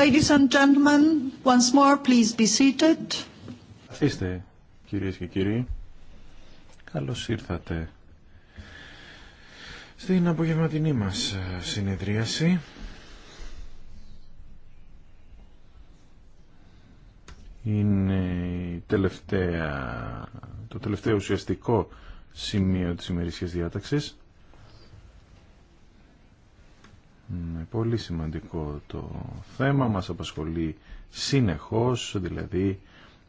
Ladies and once more, please be seated. Καθίστε, κυρίες και κύριοι. Καλώς ήρθατε στην απογευματινή μας ε, συνεδρίαση. Είναι το τελευταίο ουσιαστικό σημείο της ημερήσιας διάταξης. Είναι πολύ σημαντικό το θέμα, μας απασχολεί συνεχώς, δηλαδή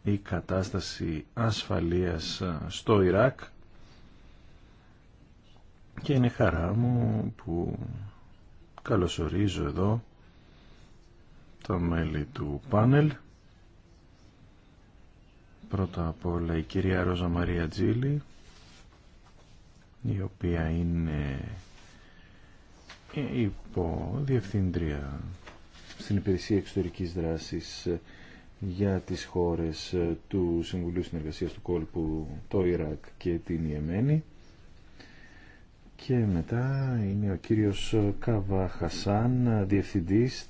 η κατάσταση ασφαλείας στο Ιράκ και είναι χαρά μου που καλωσορίζω εδώ τα μέλη του πάνελ. Πρώτα απ' όλα η κυρία Ρόζα Μαρία Τζίλη, η οποία είναι υπό διευθύντρια στην υπηρεσία εξωτερικής δράσης ε, για τις χώρες ε, του Συμβουλίου Συνεργασίας του Κόλπου, το Ιράκ και την Ιεμένη. Και μετά είναι ο κύριος ε, Καβα Χασάν, διευθυντής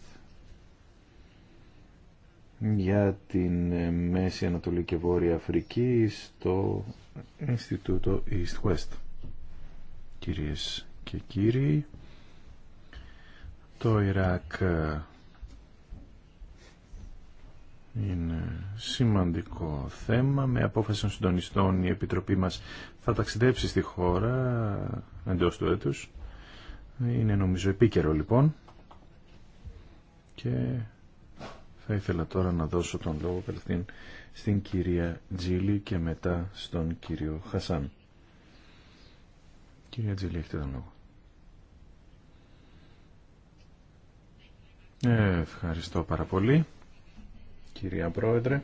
για την Μέση Ανατολή και Βόρεια Αφρική στο Ινστιτούτο East West. Κυρίες και κύριοι, το Ιράκ ε, είναι σημαντικό θέμα. Με απόφαση των συντονιστών η Επιτροπή μας θα ταξιδέψει στη χώρα εντός του έτους. Είναι νομίζω επίκαιρο λοιπόν. Και θα ήθελα τώρα να δώσω τον λόγο στην κυρία Τζίλη και μετά στον κύριο Χασάν. Κυρία Τζίλη, έχετε τον λόγο. Ε, ευχαριστώ πάρα πολύ, κυρία Πρόεδρε.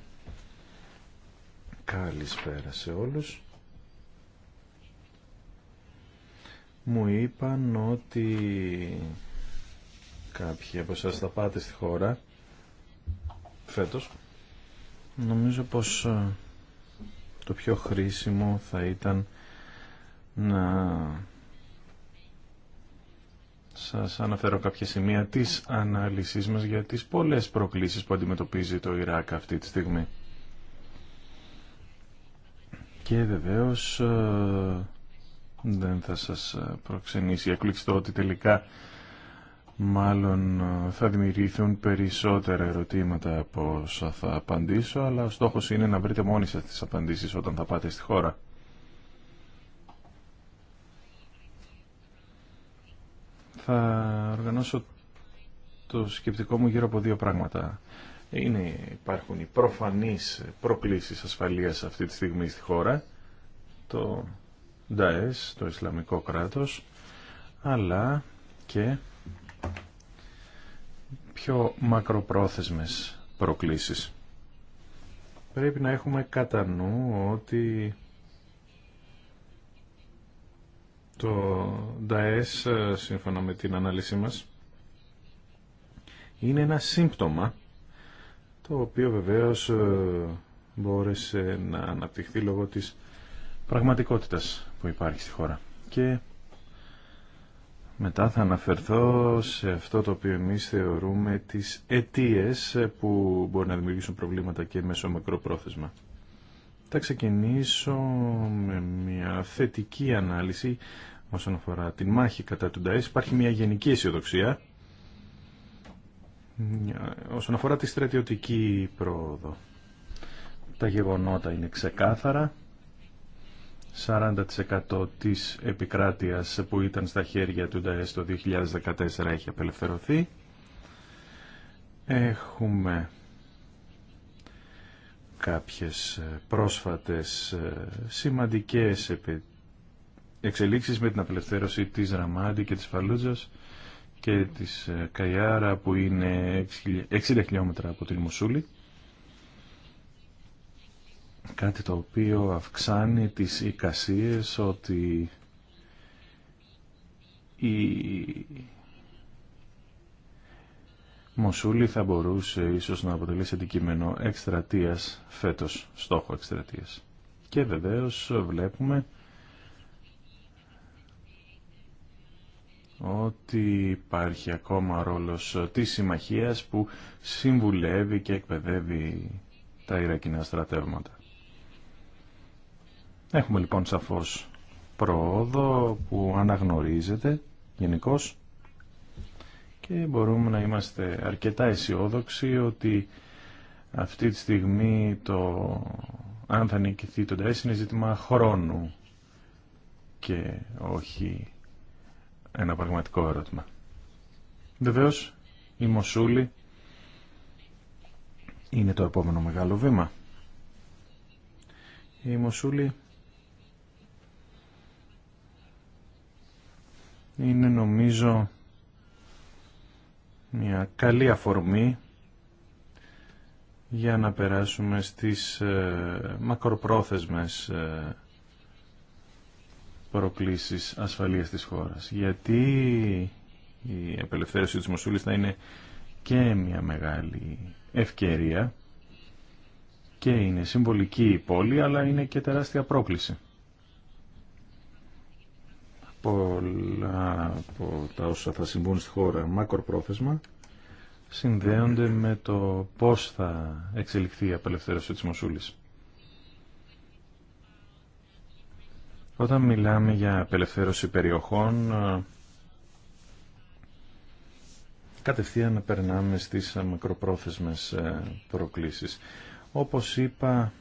Καλησπέρα σε όλους. Μου είπαν ότι κάποιοι από εσάς θα πάτε στη χώρα φέτος. Νομίζω πως ε, το πιο χρήσιμο θα ήταν να σας αναφέρω κάποια σημεία της ανάλυσής μας για τις πολλές προκλήσεις που αντιμετωπίζει το Ιράκ αυτή τη στιγμή. Και βεβαίως ε, δεν θα σας προξενήσει η ότι τελικά μάλλον θα δημιουργηθούν περισσότερα ερωτήματα από όσα θα απαντήσω, αλλά ο στόχος είναι να βρείτε μόνοι σας τις απαντήσεις όταν θα πάτε στη χώρα. θα οργανώσω το σκεπτικό μου γύρω από δύο πράγματα. Είναι, υπάρχουν οι προφανείς προκλήσεις ασφαλείας αυτή τη στιγμή στη χώρα, το ΝΤΑΕΣ, το Ισλαμικό κράτος, αλλά και πιο μακροπρόθεσμες προκλήσεις. Πρέπει να έχουμε κατά νου ότι Το ΝΤΑΕΣ, σύμφωνα με την ανάλυση μας, είναι ένα σύμπτωμα το οποίο βεβαίως ε, μπόρεσε να αναπτυχθεί λόγω της πραγματικότητας που υπάρχει στη χώρα. Και μετά θα αναφερθώ σε αυτό το οποίο εμείς θεωρούμε τις αιτίες που μπορεί να δημιουργήσουν προβλήματα και μέσω μικρό πρόθεσμα. Θα ξεκινήσω με μια θετική ανάλυση όσον αφορά τη μάχη κατά του ΝΤΑΕΣ. Υπάρχει μια γενική αισιοδοξία όσον αφορά τη στρατιωτική πρόοδο. Τα γεγονότα είναι ξεκάθαρα. 40% της επικράτειας που ήταν στα χέρια του ΝΤΑΕΣ το 2014 έχει απελευθερωθεί. Έχουμε κάποιες ε, πρόσφατες ε, σημαντικές εξελίξεις με την απελευθέρωση της Ραμάντη και της Φαλούτζας και της ε, Καϊάρα που είναι 60 χιλιόμετρα από την Μουσούλη κάτι το οποίο αυξάνει τις εικασίες ότι η Μοσούλη θα μπορούσε ίσως να αποτελέσει αντικείμενο εκστρατεία φέτος, στόχο εκστρατεία. Και βεβαίως βλέπουμε ότι υπάρχει ακόμα ρόλος της συμμαχίας που συμβουλεύει και εκπαιδεύει τα Ιρακινά στρατεύματα. Έχουμε λοιπόν σαφώς πρόοδο που αναγνωρίζεται γενικώς και μπορούμε να είμαστε αρκετά αισιόδοξοι ότι αυτή τη στιγμή το αν θα νικηθεί το ΤΑΕΣ είναι ζήτημα χρόνου και όχι ένα πραγματικό ερώτημα. Βεβαίως η Μοσούλη είναι το επόμενο μεγάλο βήμα. Η Μοσούλη είναι νομίζω μια καλή αφορμή για να περάσουμε στις ε, μακροπρόθεσμες ε, προκλήσεις ασφαλείας της χώρας. Γιατί η απελευθέρωση της Μοσούλης θα είναι και μια μεγάλη ευκαιρία και είναι συμβολική η πόλη αλλά είναι και τεράστια πρόκληση πολλά από τα όσα θα συμβούν στη χώρα μακροπρόθεσμα συνδέονται με το πώς θα εξελιχθεί η απελευθέρωση της Μοσούλης. Όταν μιλάμε για απελευθέρωση περιοχών, κατευθείαν περνάμε στις μακροπρόθεσμες ε, προκλήσεις. Όπως είπα,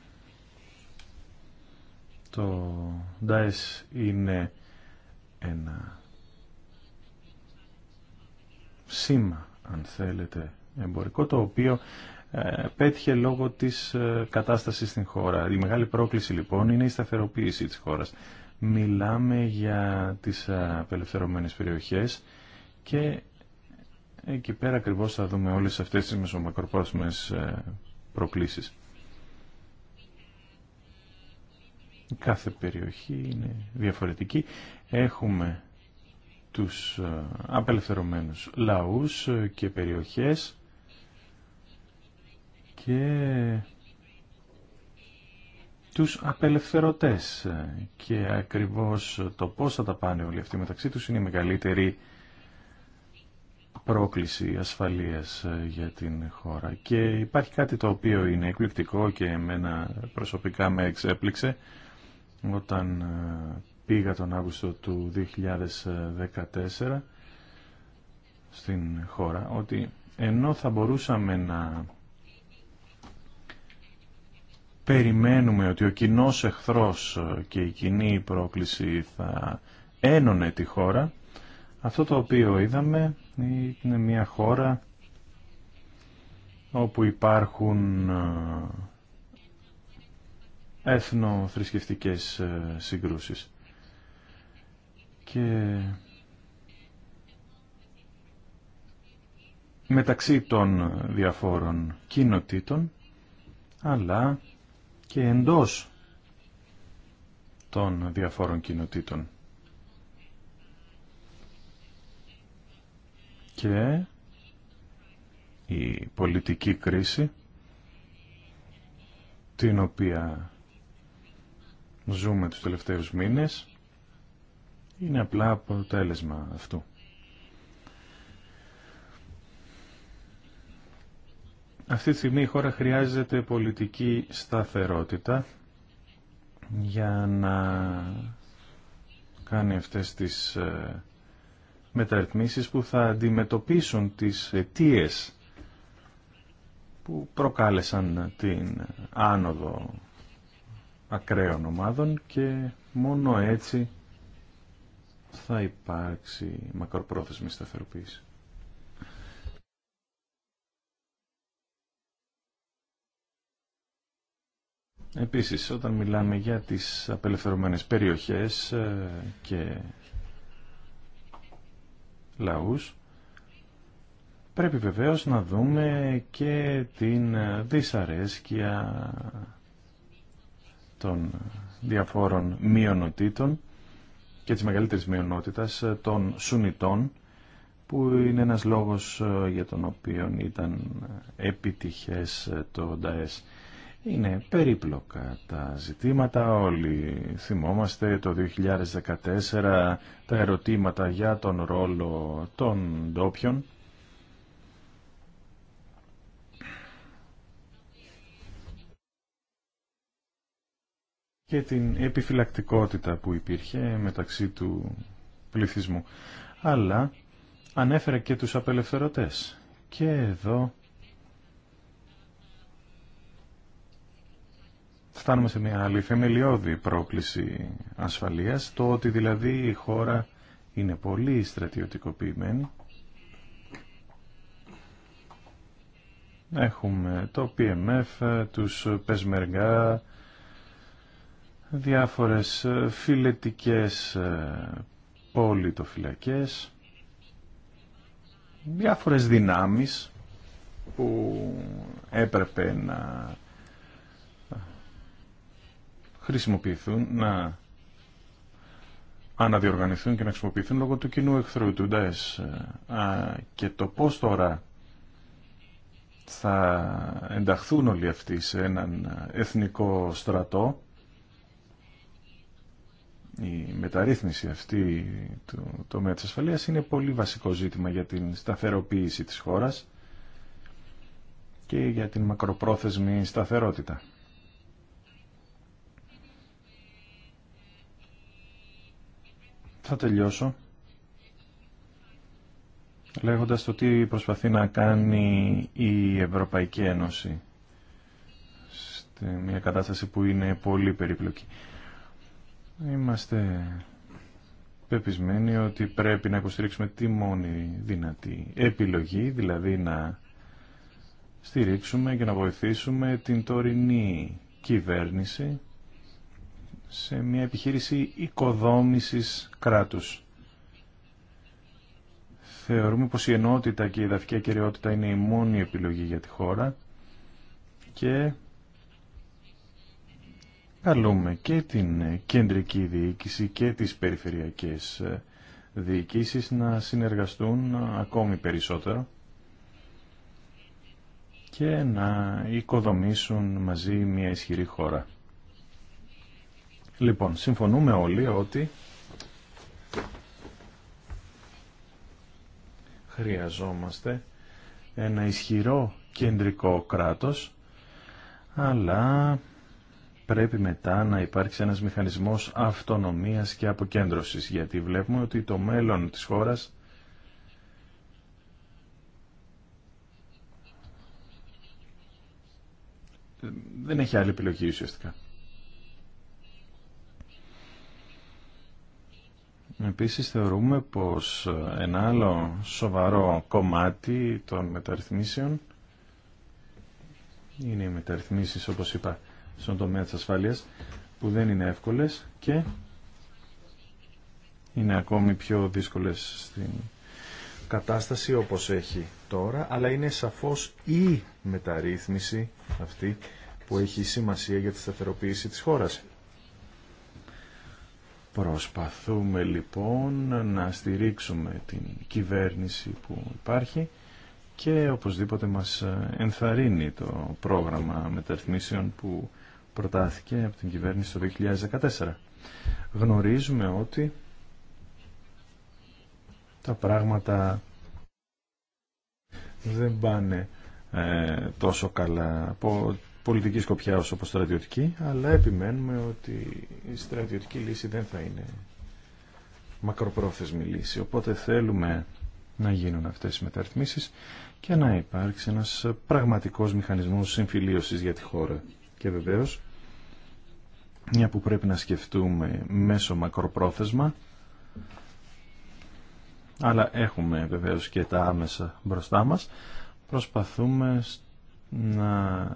το είναι ένα σήμα, αν θέλετε, εμπορικό, το οποίο ε, πέτυχε λόγω της ε, κατάστασης στην χώρα. Η μεγάλη πρόκληση λοιπόν είναι η σταθεροποίηση της χώρας. Μιλάμε για τις απελευθερωμένες περιοχές και εκεί πέρα ακριβώς θα δούμε όλες αυτές τις μεσομακροπρόθεσμες ε, προκλήσεις. Κάθε περιοχή είναι διαφορετική έχουμε τους ε, απελευθερωμένους λαούς ε, και περιοχές και τους απελευθερωτές ε, και ακριβώς το πώς θα τα πάνε όλοι αυτοί μεταξύ τους είναι η μεγαλύτερη πρόκληση ασφαλείας για την χώρα και υπάρχει κάτι το οποίο είναι εκπληκτικό και εμένα προσωπικά με εξέπληξε όταν πήγα τον Αύγουστο του 2014 στην χώρα ότι ενώ θα μπορούσαμε να περιμένουμε ότι ο κοινό εχθρός και η κοινή πρόκληση θα ένωνε τη χώρα, αυτό το οποίο είδαμε είναι μια χώρα όπου υπάρχουν ε, έθνο-θρησκευτικές ε, συγκρούσεις και μεταξύ των διαφόρων κοινοτήτων αλλά και εντός των διαφόρων κοινοτήτων. Και η πολιτική κρίση την οποία ζούμε τους τελευταίους μήνες είναι απλά αποτέλεσμα αυτού. Αυτή τη στιγμή η χώρα χρειάζεται πολιτική σταθερότητα για να κάνει αυτές τις ε, μεταρρυθμίσεις που θα αντιμετωπίσουν τις αιτίε που προκάλεσαν την άνοδο ακραίων ομάδων και μόνο έτσι θα υπάρξει μακροπρόθεσμη σταθεροποίηση. Επίσης, όταν μιλάμε για τις απελευθερωμένες περιοχές ε, και λαούς, πρέπει βεβαίως να δούμε και την δυσαρέσκεια των διαφόρων μειονοτήτων και της μεγαλύτερης μειονότητας ε, των Σουνιτών που είναι ένας λόγος ε, για τον οποίο ήταν ε, επιτυχές το ΝΤΑΕΣ. Είναι περίπλοκα τα ζητήματα, όλοι θυμόμαστε το 2014 τα ερωτήματα για τον ρόλο των ντόπιων και την επιφυλακτικότητα που υπήρχε μεταξύ του πληθυσμού. Αλλά ανέφερε και τους απελευθερωτές. Και εδώ φτάνουμε σε μια άλλη θεμελιώδη πρόκληση ασφαλείας, το ότι δηλαδή η χώρα είναι πολύ στρατιωτικοποιημένη. Έχουμε το PMF, τους Πεσμεργά, διάφορες ε, φιλετικές ε, πολιτοφυλακές, διάφορες δυνάμεις που έπρεπε να ε, χρησιμοποιηθούν, να αναδιοργανηθούν και να χρησιμοποιηθούν λόγω του κοινού εχθρού του Και το πώς τώρα θα ενταχθούν όλοι αυτοί σε έναν εθνικό στρατό η μεταρρύθμιση αυτή του τομέα της ασφαλείας είναι πολύ βασικό ζήτημα για την σταθεροποίηση της χώρας και για την μακροπρόθεσμη σταθερότητα. Θα τελειώσω λέγοντας το τι προσπαθεί να κάνει η Ευρωπαϊκή Ένωση σε μια κατάσταση που είναι πολύ περίπλοκη. Είμαστε πεπισμένοι ότι πρέπει να υποστηρίξουμε τη μόνη δυνατή επιλογή, δηλαδή να στηρίξουμε και να βοηθήσουμε την τωρινή κυβέρνηση σε μια επιχείρηση οικοδόμησης κράτους. Θεωρούμε πως η ενότητα και η εδαφική ακεραιότητα είναι η μόνη επιλογή για τη χώρα και καλούμε και την κεντρική διοίκηση και τις περιφερειακές διοικήσεις να συνεργαστούν ακόμη περισσότερο και να οικοδομήσουν μαζί μια ισχυρή χώρα. Λοιπόν, συμφωνούμε όλοι ότι χρειαζόμαστε ένα ισχυρό κεντρικό κράτος αλλά πρέπει μετά να υπάρξει ένας μηχανισμός αυτονομίας και αποκέντρωσης, γιατί βλέπουμε ότι το μέλλον της χώρας δεν έχει άλλη επιλογή ουσιαστικά. Επίσης θεωρούμε πως ένα άλλο σοβαρό κομμάτι των μεταρρυθμίσεων είναι οι μεταρρυθμίσεις όπως είπα στον τομέα της ασφάλειας που δεν είναι εύκολες και είναι ακόμη πιο δύσκολες στην κατάσταση όπως έχει τώρα, αλλά είναι σαφώς η μεταρρύθμιση αυτή που έχει σημασία για τη σταθεροποίηση της χώρας. Προσπαθούμε λοιπόν να στηρίξουμε την κυβέρνηση που υπάρχει και οπωσδήποτε μας ενθαρρύνει το πρόγραμμα μεταρρυθμίσεων που προτάθηκε από την κυβέρνηση το 2014. Γνωρίζουμε ότι τα πράγματα δεν πάνε ε, τόσο καλά από πολιτική σκοπιά όσο από στρατιωτική, αλλά επιμένουμε ότι η στρατιωτική λύση δεν θα είναι μακροπρόθεσμη λύση. Οπότε θέλουμε να γίνουν αυτές οι μεταρρυθμίσεις και να υπάρξει ένας πραγματικός μηχανισμός συμφιλίωσης για τη χώρα. Και βεβαίως μια που πρέπει να σκεφτούμε μέσω μακροπρόθεσμα αλλά έχουμε βεβαίως και τα άμεσα μπροστά μας προσπαθούμε να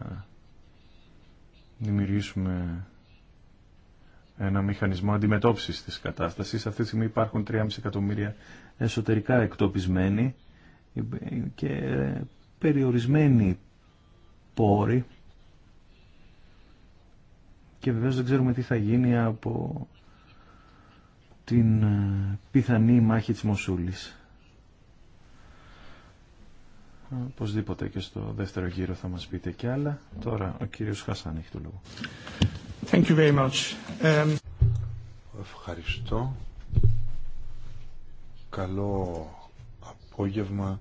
δημιουργήσουμε ένα μηχανισμό αντιμετώπισης της κατάστασης. Αυτή τη στιγμή υπάρχουν 3,5 εκατομμύρια εσωτερικά εκτοπισμένοι και περιορισμένοι πόροι και βεβαίως δεν ξέρουμε τι θα γίνει από την ε, πιθανή μάχη της Μοσούλης. Οπωσδήποτε και στο δεύτερο γύρο θα μας πείτε κι άλλα. Τώρα ο κύριος Χασάν έχει το λόγο. Thank you very much. Ε, Ευχαριστώ. Καλό απόγευμα.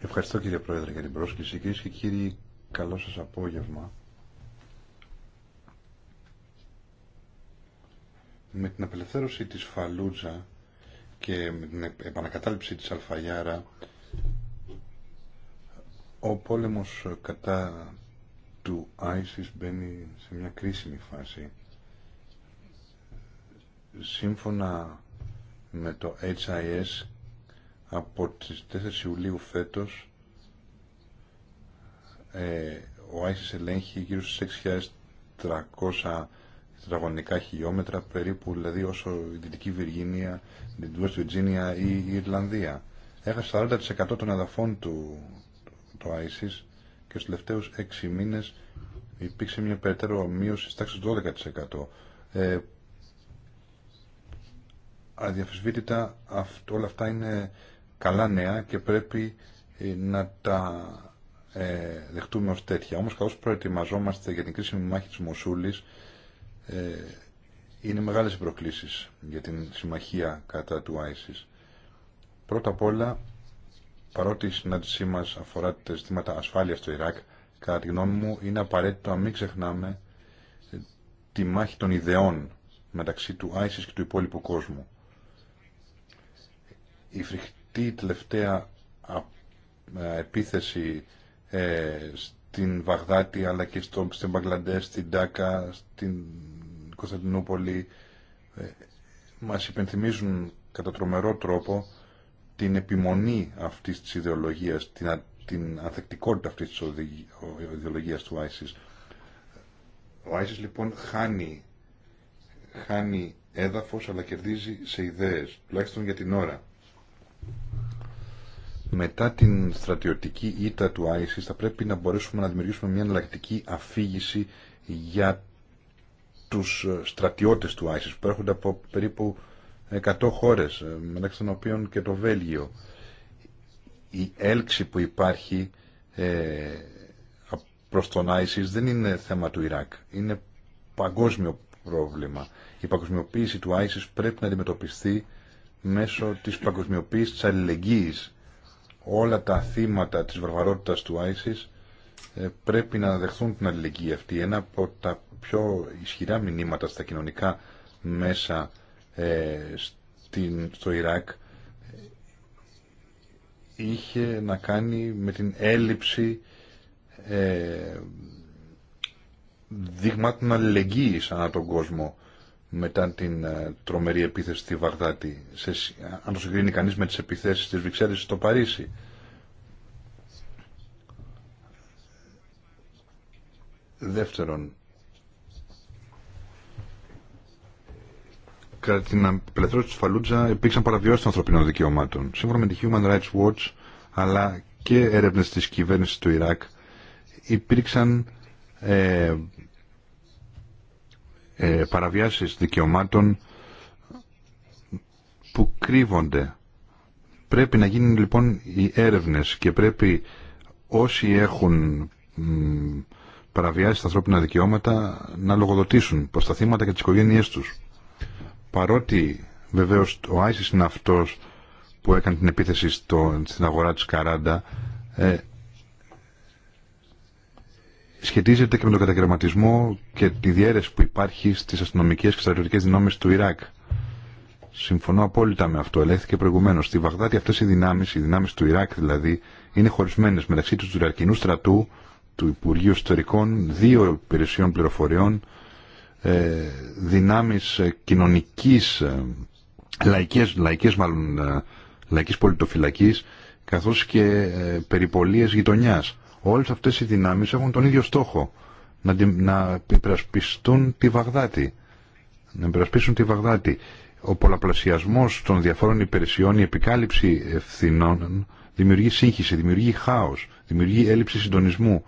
Ευχαριστώ κύριε Πρόεδρε για την πρόσκληση. Κυρίε και κύριοι, καλό σας απόγευμα. Με την απελευθέρωση της Φαλούτζα και με την επανακατάληψη της Αλφαγιάρα ο πόλεμος κατά του ISIS μπαίνει σε μια κρίσιμη φάση. Σύμφωνα με το HIS από τις 4 Ιουλίου φέτος ε, ο ISIS ελέγχει γύρω στις 6.300 τετραγωνικά χιλιόμετρα περίπου, δηλαδή όσο η Δυτική Βιργίνια, η Δυτική Virginia ή η Ιρλανδία. Έχασε 40% των εδαφών του το ISIS και στους τελευταίους 6 μήνες υπήρξε μια περαιτέρω μείωση τάξεις 12%. Ε, αδιαφεσβήτητα όλα αυτά είναι καλά νέα και πρέπει ε, να τα ε, δεχτούμε ως τέτοια. Όμως καθώς προετοιμαζόμαστε για την κρίσιμη μάχη της Μοσούλης ε, είναι μεγάλες προκλήσεις για την συμμαχία κατά του ISIS. Πρώτα απ' όλα, παρότι η συνάντησή μας αφορά τα ζητήματα ασφάλειας στο Ιράκ, κατά τη γνώμη μου είναι απαραίτητο να μην ξεχνάμε ε, τη μάχη των ιδεών μεταξύ του ISIS και του υπόλοιπου κόσμου. Η φρικτή τελευταία ε, επίθεση στην Βαγδάτη αλλά και στην Μπαγκλαντές, στην Τάκα, στην Κωνσταντινούπολη ε, μας υπενθυμίζουν κατά τρομερό τρόπο την επιμονή αυτής της ιδεολογίας, την, την ανθεκτικότητα αυτής της ιδεολογίας του ISIS. Ο ISIS λοιπόν χάνει, χάνει έδαφος αλλά κερδίζει σε ιδέες, τουλάχιστον για την ώρα μετά την στρατιωτική ήττα του ISIS θα πρέπει να μπορέσουμε να δημιουργήσουμε μια εναλλακτική αφήγηση για τους ε, στρατιώτες του ISIS που έρχονται από περίπου 100 χώρες ε, μεταξύ των οποίων και το Βέλγιο η έλξη που υπάρχει ε, προς τον ISIS δεν είναι θέμα του Ιράκ είναι παγκόσμιο πρόβλημα η παγκοσμιοποίηση του ISIS πρέπει να αντιμετωπιστεί μέσω της παγκοσμιοποίησης της αλληλεγγύης όλα τα θύματα της βαρβαρότητας του ISIS ε, πρέπει να δεχθούν την αλληλεγγύη αυτή. Ένα από τα πιο ισχυρά μηνύματα στα κοινωνικά μέσα ε, στο Ιράκ είχε να κάνει με την έλλειψη ε, δειγμάτων αλληλεγγύης ανά τον κόσμο μετά την ε, τρομερή επίθεση στη Βαγδάτη, σε, αν το συγκρίνει κανείς με τις επιθέσεις της Βρυξέλλης στο Παρίσι. Δεύτερον, κατά την απελευθέρωση της Φαλούτζα υπήρξαν παραβιώσεις των ανθρωπινών δικαιωμάτων. Σύμφωνα με τη Human Rights Watch, αλλά και έρευνες της κυβέρνησης του Ιράκ, υπήρξαν ε, ε, παραβιάσεις δικαιωμάτων που κρύβονται. Πρέπει να γίνουν λοιπόν οι έρευνες και πρέπει όσοι έχουν παραβιάσει τα ανθρώπινα δικαιώματα να λογοδοτήσουν προς τα θύματα και τις οικογένειές τους. Παρότι βεβαίως ο Άισις είναι αυτός που έκανε την επίθεση στο, στην αγορά της Καράντα, ε, σχετίζεται και με τον καταγραμματισμό και τη διέρεση που υπάρχει στις αστυνομικές και στρατιωτικέ δυνάμεις του Ιράκ. Συμφωνώ απόλυτα με αυτό. Ελέγχθηκε προηγουμένω. Στη Βαγδάτη αυτέ οι δυνάμει, οι δυνάμει του Ιράκ δηλαδή, είναι χωρισμένε μεταξύ του Ιρακινού στρατού, του Υπουργείου Ιστορικών, δύο υπηρεσιών πληροφοριών, ε, δυνάμει ε, κοινωνική, ε, λαϊκές, μάλλον, ε, λαϊκής πολιτοφυλακής, καθώς και περιπολίες γειτονιάς όλες αυτές οι δυνάμεις έχουν τον ίδιο στόχο. Να, να υπερασπιστούν τη Βαγδάτη. Να υπερασπίσουν τη Βαγδάτη. Ο πολλαπλασιασμός των διαφόρων υπηρεσιών, η επικάλυψη ευθυνών δημιουργεί σύγχυση, δημιουργεί χάος, δημιουργεί έλλειψη συντονισμού.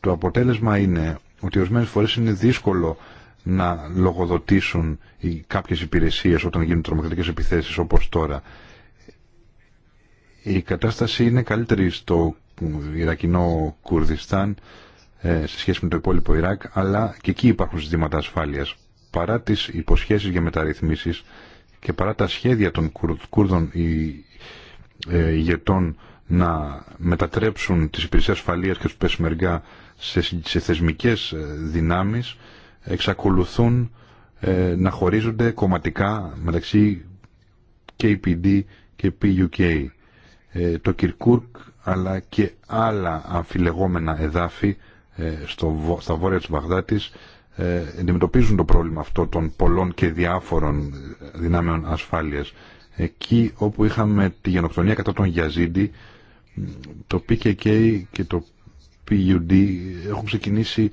Το αποτέλεσμα είναι ότι ορισμένε φορές είναι δύσκολο να λογοδοτήσουν οι κάποιες υπηρεσίες όταν γίνουν τρομοκρατικές επιθέσεις όπως τώρα. Η κατάσταση είναι καλύτερη στο Ιρακινό Κουρδιστάν ε, σε σχέση με το υπόλοιπο Ιράκ, αλλά και εκεί υπάρχουν ζητήματα ασφάλεια. Παρά τις υποσχέσεις για μεταρρυθμίσεις και παρά τα σχέδια των Κούρδων ε, ηγετών να μετατρέψουν τις υπηρεσίε ασφαλείας και του πεσμεργά σε θεσμικές ε, δυνάμεις, εξακολουθούν να χωρίζονται κομματικά μεταξύ KPD και PUK. Το Κυρκούρκ αλλά και άλλα αμφιλεγόμενα εδάφη ε, στο, στα βόρεια της Βαγδάτης ε, αντιμετωπίζουν το πρόβλημα αυτό των πολλών και διάφορων ε, δυνάμεων ασφάλειας. Εκεί όπου είχαμε τη γενοκτονία κατά τον Γιαζίντη, το PKK και το PUD έχουν ξεκινήσει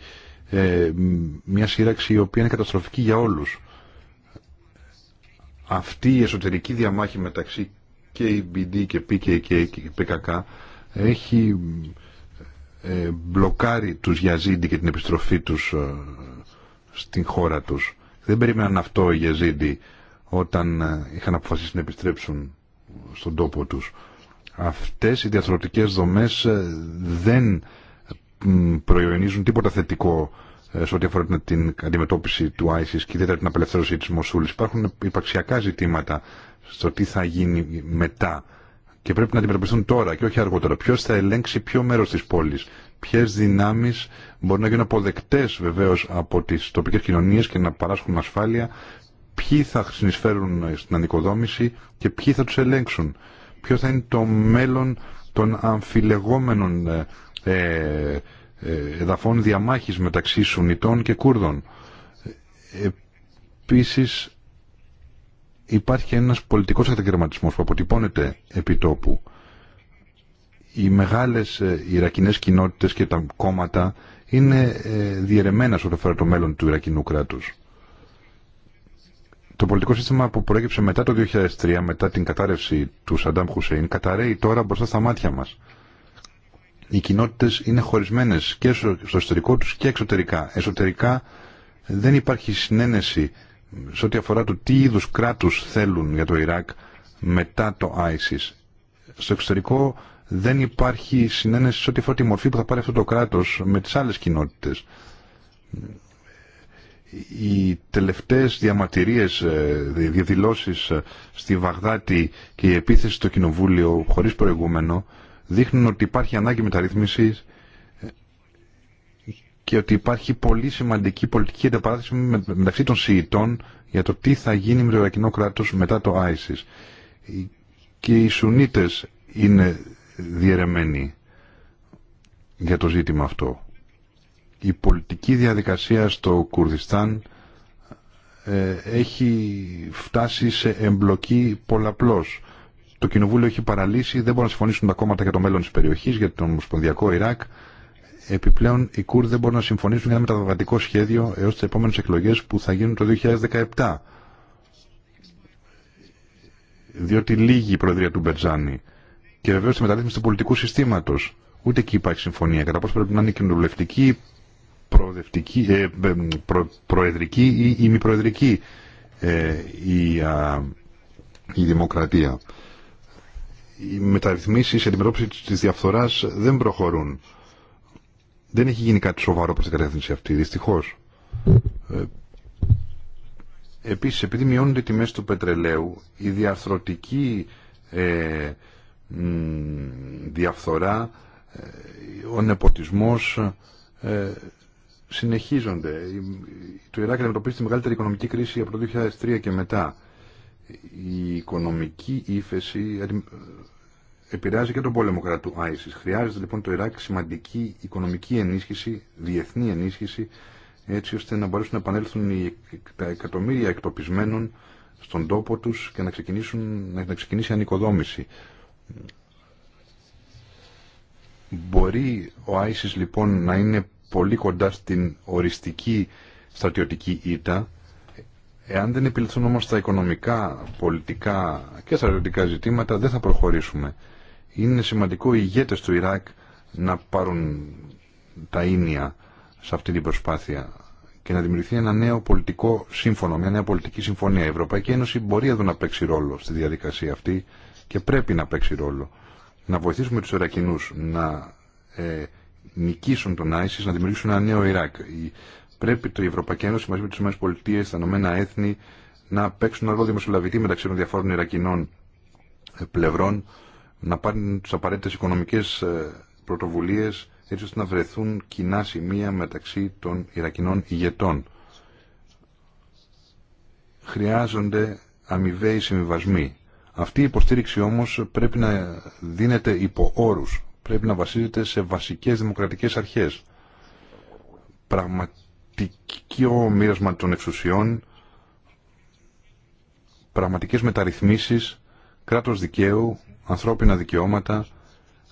μια σύραξη η οποία είναι καταστροφική για όλους. Αυτή η εσωτερική διαμάχη μεταξύ KBD και PKK και PKK έχει ε, μπλοκάρει τους Γιαζίντι και την επιστροφή τους ε, στην χώρα τους. Δεν περίμεναν αυτό οι Γιαζίντι όταν ε, είχαν αποφασίσει να επιστρέψουν στον τόπο τους. Αυτές οι διαθροτικές δομές δεν προϊονίζουν τίποτα θετικό σε ό,τι αφορά την αντιμετώπιση του ISIS και ιδιαίτερα την απελευθέρωση της Μοσούλης. Υπάρχουν υπαξιακά ζητήματα στο τι θα γίνει μετά και πρέπει να αντιμετωπιστούν τώρα και όχι αργότερα. Ποιο θα ελέγξει ποιο μέρο τη πόλη, ποιε δυνάμει μπορούν να γίνουν αποδεκτέ βεβαίω από τι τοπικέ κοινωνίε και να παράσχουν ασφάλεια, ποιοι θα συνεισφέρουν στην ανοικοδόμηση και ποιοι θα του ελέγξουν. Ποιο θα είναι το μέλλον των αμφιλεγόμενων ε, ε εδαφών διαμάχης μεταξύ Σουνιτών και Κούρδων. Ε, επίσης υπάρχει ένας πολιτικός καταγερματισμός που αποτυπώνεται επί τόπου. Οι μεγάλες ε, Ιρακινές κοινότητες και τα κόμματα είναι ε, διαιρεμένα σε αφορά το μέλλον του Ιρακινού κράτους. Το πολιτικό σύστημα που προέκυψε μετά το 2003, μετά την κατάρρευση του Σαντάμ Χουσέιν, καταραίει τώρα μπροστά στα μάτια μας. Οι κοινότητες είναι χωρισμένες και στο εσωτερικό τους και εξωτερικά. Εσωτερικά δεν υπάρχει συνένεση σε ό,τι αφορά το τι είδους κράτους θέλουν για το Ιράκ μετά το ISIS. Στο εξωτερικό δεν υπάρχει συνένεση σε ό,τι αφορά τη μορφή που θα πάρει αυτό το κράτος με τις άλλες κοινότητες. Οι τελευταίες διαμαρτυρίες, ε, διαδηλώσεις ε, στη Βαγδάτη και η επίθεση στο Κοινοβούλιο χωρίς προηγούμενο δείχνουν ότι υπάρχει ανάγκη μεταρρύθμισης και ότι υπάρχει πολύ σημαντική πολιτική ανταπαράθεση μεταξύ των Σιητών για το τι θα γίνει με το Ιρακινό κράτος μετά το ISIS. Και οι Σουνίτες είναι διαιρεμένοι για το ζήτημα αυτό. Η πολιτική διαδικασία στο Κουρδιστάν ε, έχει φτάσει σε εμπλοκή πολλαπλώς. Το Κοινοβούλιο έχει παραλύσει, δεν μπορούν να συμφωνήσουν τα κόμματα για το μέλλον της περιοχής, για τον Ομοσπονδιακό Ιράκ. Επιπλέον, οι Κούρδοι δεν μπορούν να συμφωνήσουν για ένα μεταβατικό σχέδιο έως τις επόμενες εκλογές που θα γίνουν το 2017. Διότι λίγη η Προεδρία του Μπετζάνη Και βεβαίως τη μεταρρύθμιση του πολιτικού συστήματος. Ούτε εκεί υπάρχει συμφωνία. Κατά πόσο πρέπει να είναι κοινοβουλευτική, ε, προεδρική ή, ή μη προεδρική ε, η, η δημοκρατία. Οι μεταρρυθμίσει, η αντιμετώπιση τη διαφθοράς δεν προχωρούν. Δεν έχει γίνει κάτι σοβαρό προς την κατεύθυνση αυτή, δυστυχώς. Ε, επίσης, επειδή μειώνονται οι τιμές του πετρελαίου, η διαρθρωτική ε, διαφθορά, ε, ο νεποτισμός ε, συνεχίζονται. Το Ιράκ αντιμετωπίζει τη μεγαλύτερη οικονομική κρίση από το 2003 και μετά. Η οικονομική ύφεση επηρεάζει και τον πόλεμο κρατού ISIS. Χρειάζεται λοιπόν το Ιράκ σημαντική οικονομική ενίσχυση, διεθνή ενίσχυση, έτσι ώστε να μπορέσουν να επανέλθουν οι, τα εκατομμύρια εκτοπισμένων στον τόπο τους και να, ξεκινήσουν, να, ξεκινήσει η ανοικοδόμηση. Μπορεί ο ISIS λοιπόν να είναι πολύ κοντά στην οριστική στρατιωτική ήττα, Εάν δεν επιληθούν όμως τα οικονομικά, πολιτικά και στρατιωτικά ζητήματα, δεν θα προχωρήσουμε είναι σημαντικό οι ηγέτες του Ιράκ να πάρουν τα ίνια σε αυτή την προσπάθεια και να δημιουργηθεί ένα νέο πολιτικό σύμφωνο, μια νέα πολιτική συμφωνία. Η Ευρωπαϊκή Ένωση μπορεί εδώ να παίξει ρόλο στη διαδικασία αυτή και πρέπει να παίξει ρόλο. Να βοηθήσουμε τους Ιρακινούς να ε, νικήσουν τον ISIS, να δημιουργήσουν ένα νέο Ιράκ. Πρέπει το Ευρωπαϊκή Ένωση μαζί με τις ΗΠΑ, τα Ηνωμένα Έθνη να παίξουν ρόλο δημοσιολαβητή μεταξύ των διαφόρων Ιρακινών ε, πλευρών να πάρουν τι απαραίτητε οικονομικές ε, πρωτοβουλίε έτσι ώστε να βρεθούν κοινά σημεία μεταξύ των Ιρακινών ηγετών. Χρειάζονται αμοιβαίοι συμβιβασμοί. Αυτή η υποστήριξη όμως πρέπει να δίνεται υπό όρους. Πρέπει να βασίζεται σε βασικές δημοκρατικές αρχές. Πραγματικό μοίρασμα των εξουσιών, πραγματικές μεταρρυθμίσεις, κράτος δικαίου, ανθρώπινα δικαιώματα,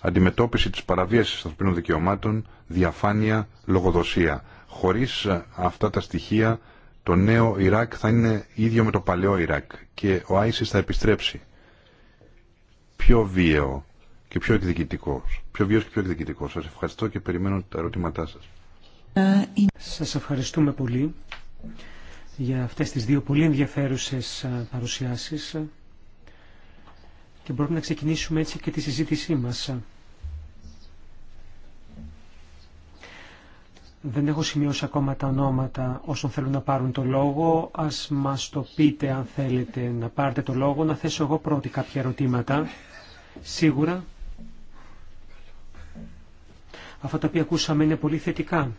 αντιμετώπιση της παραβίασης ανθρωπίνων δικαιωμάτων, διαφάνεια, λογοδοσία. Χωρίς ε, αυτά τα στοιχεία το νέο Ιράκ θα είναι ίδιο με το παλαιό Ιράκ και ο Άισις θα επιστρέψει πιο βίαιο και πιο εκδικητικό. Πιο βίαιος και πιο εκδικητικός. Σας ευχαριστώ και περιμένω τα ερωτήματά σας. Σας ευχαριστούμε πολύ για αυτές τις δύο πολύ ενδιαφέρουσες ε, παρουσιάσεις και μπορούμε να ξεκινήσουμε έτσι και τη συζήτησή μας. Δεν έχω σημειώσει ακόμα τα ονόματα όσων θέλουν να πάρουν το λόγο. Ας μας το πείτε αν θέλετε να πάρετε το λόγο, να θέσω εγώ πρώτη κάποια ερωτήματα. Σίγουρα αυτά τα οποία ακούσαμε είναι πολύ θετικά.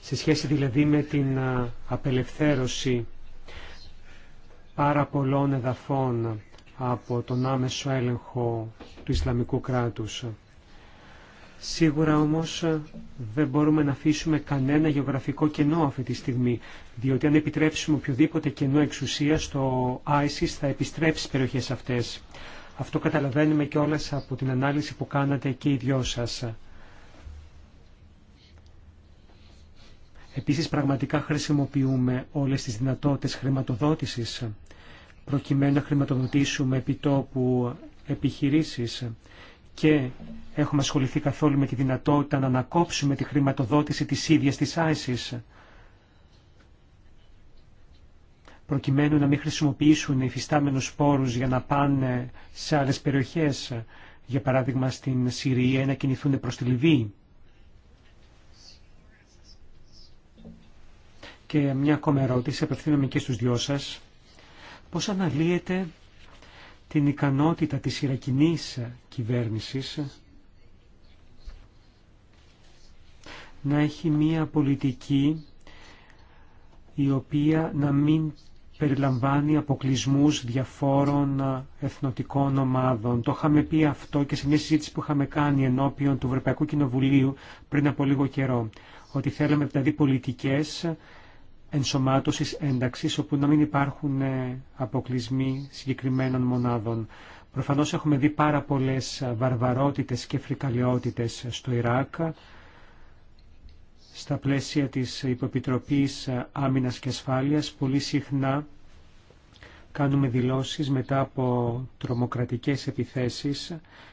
Σε σχέση δηλαδή με την απελευθέρωση πάρα πολλών εδαφών από τον άμεσο έλεγχο του Ισλαμικού κράτους. Σίγουρα όμως δεν μπορούμε να αφήσουμε κανένα γεωγραφικό κενό αυτή τη στιγμή, διότι αν επιτρέψουμε οποιοδήποτε κενό εξουσία το ISIS θα επιστρέψει στις περιοχές αυτές. Αυτό καταλαβαίνουμε και όλες από την ανάλυση που κάνατε και οι δυο σας. Επίσης πραγματικά χρησιμοποιούμε όλες τις δυνατότητες χρηματοδότησης προκειμένου να χρηματοδοτήσουμε επιτόπου επιχειρήσεις και έχουμε ασχοληθεί καθόλου με τη δυνατότητα να ανακόψουμε τη χρηματοδότηση της ίδιας της ISIS προκειμένου να μην χρησιμοποιήσουν υφιστάμενους πόρους για να πάνε σε άλλες περιοχές, για παράδειγμα στην Συρία, να κινηθούν προς τη Λιβύη. Και μια ακόμα ερώτηση, απευθύνομαι και στους δυο σας πώς αναλύεται την ικανότητα της Ιρακινής κυβέρνησης να έχει μία πολιτική η οποία να μην περιλαμβάνει αποκλισμούς διαφόρων εθνοτικών ομάδων. Το είχαμε πει αυτό και σε μια συζήτηση που είχαμε κάνει ενώπιον του Ευρωπαϊκού Κοινοβουλίου πριν από λίγο καιρό, ότι θέλαμε δηλαδή πολιτικές ενσωμάτωσης ένταξης όπου να μην υπάρχουν ε, αποκλεισμοί συγκεκριμένων μονάδων. Προφανώς έχουμε δει πάρα πολλές ε, βαρβαρότητες και φρικαλαιότητες στο Ιράκ στα πλαίσια της Υποπιτροπής ε, Άμυνας και Ασφάλειας πολύ συχνά κάνουμε δηλώσεις μετά από τρομοκρατικές επιθέσεις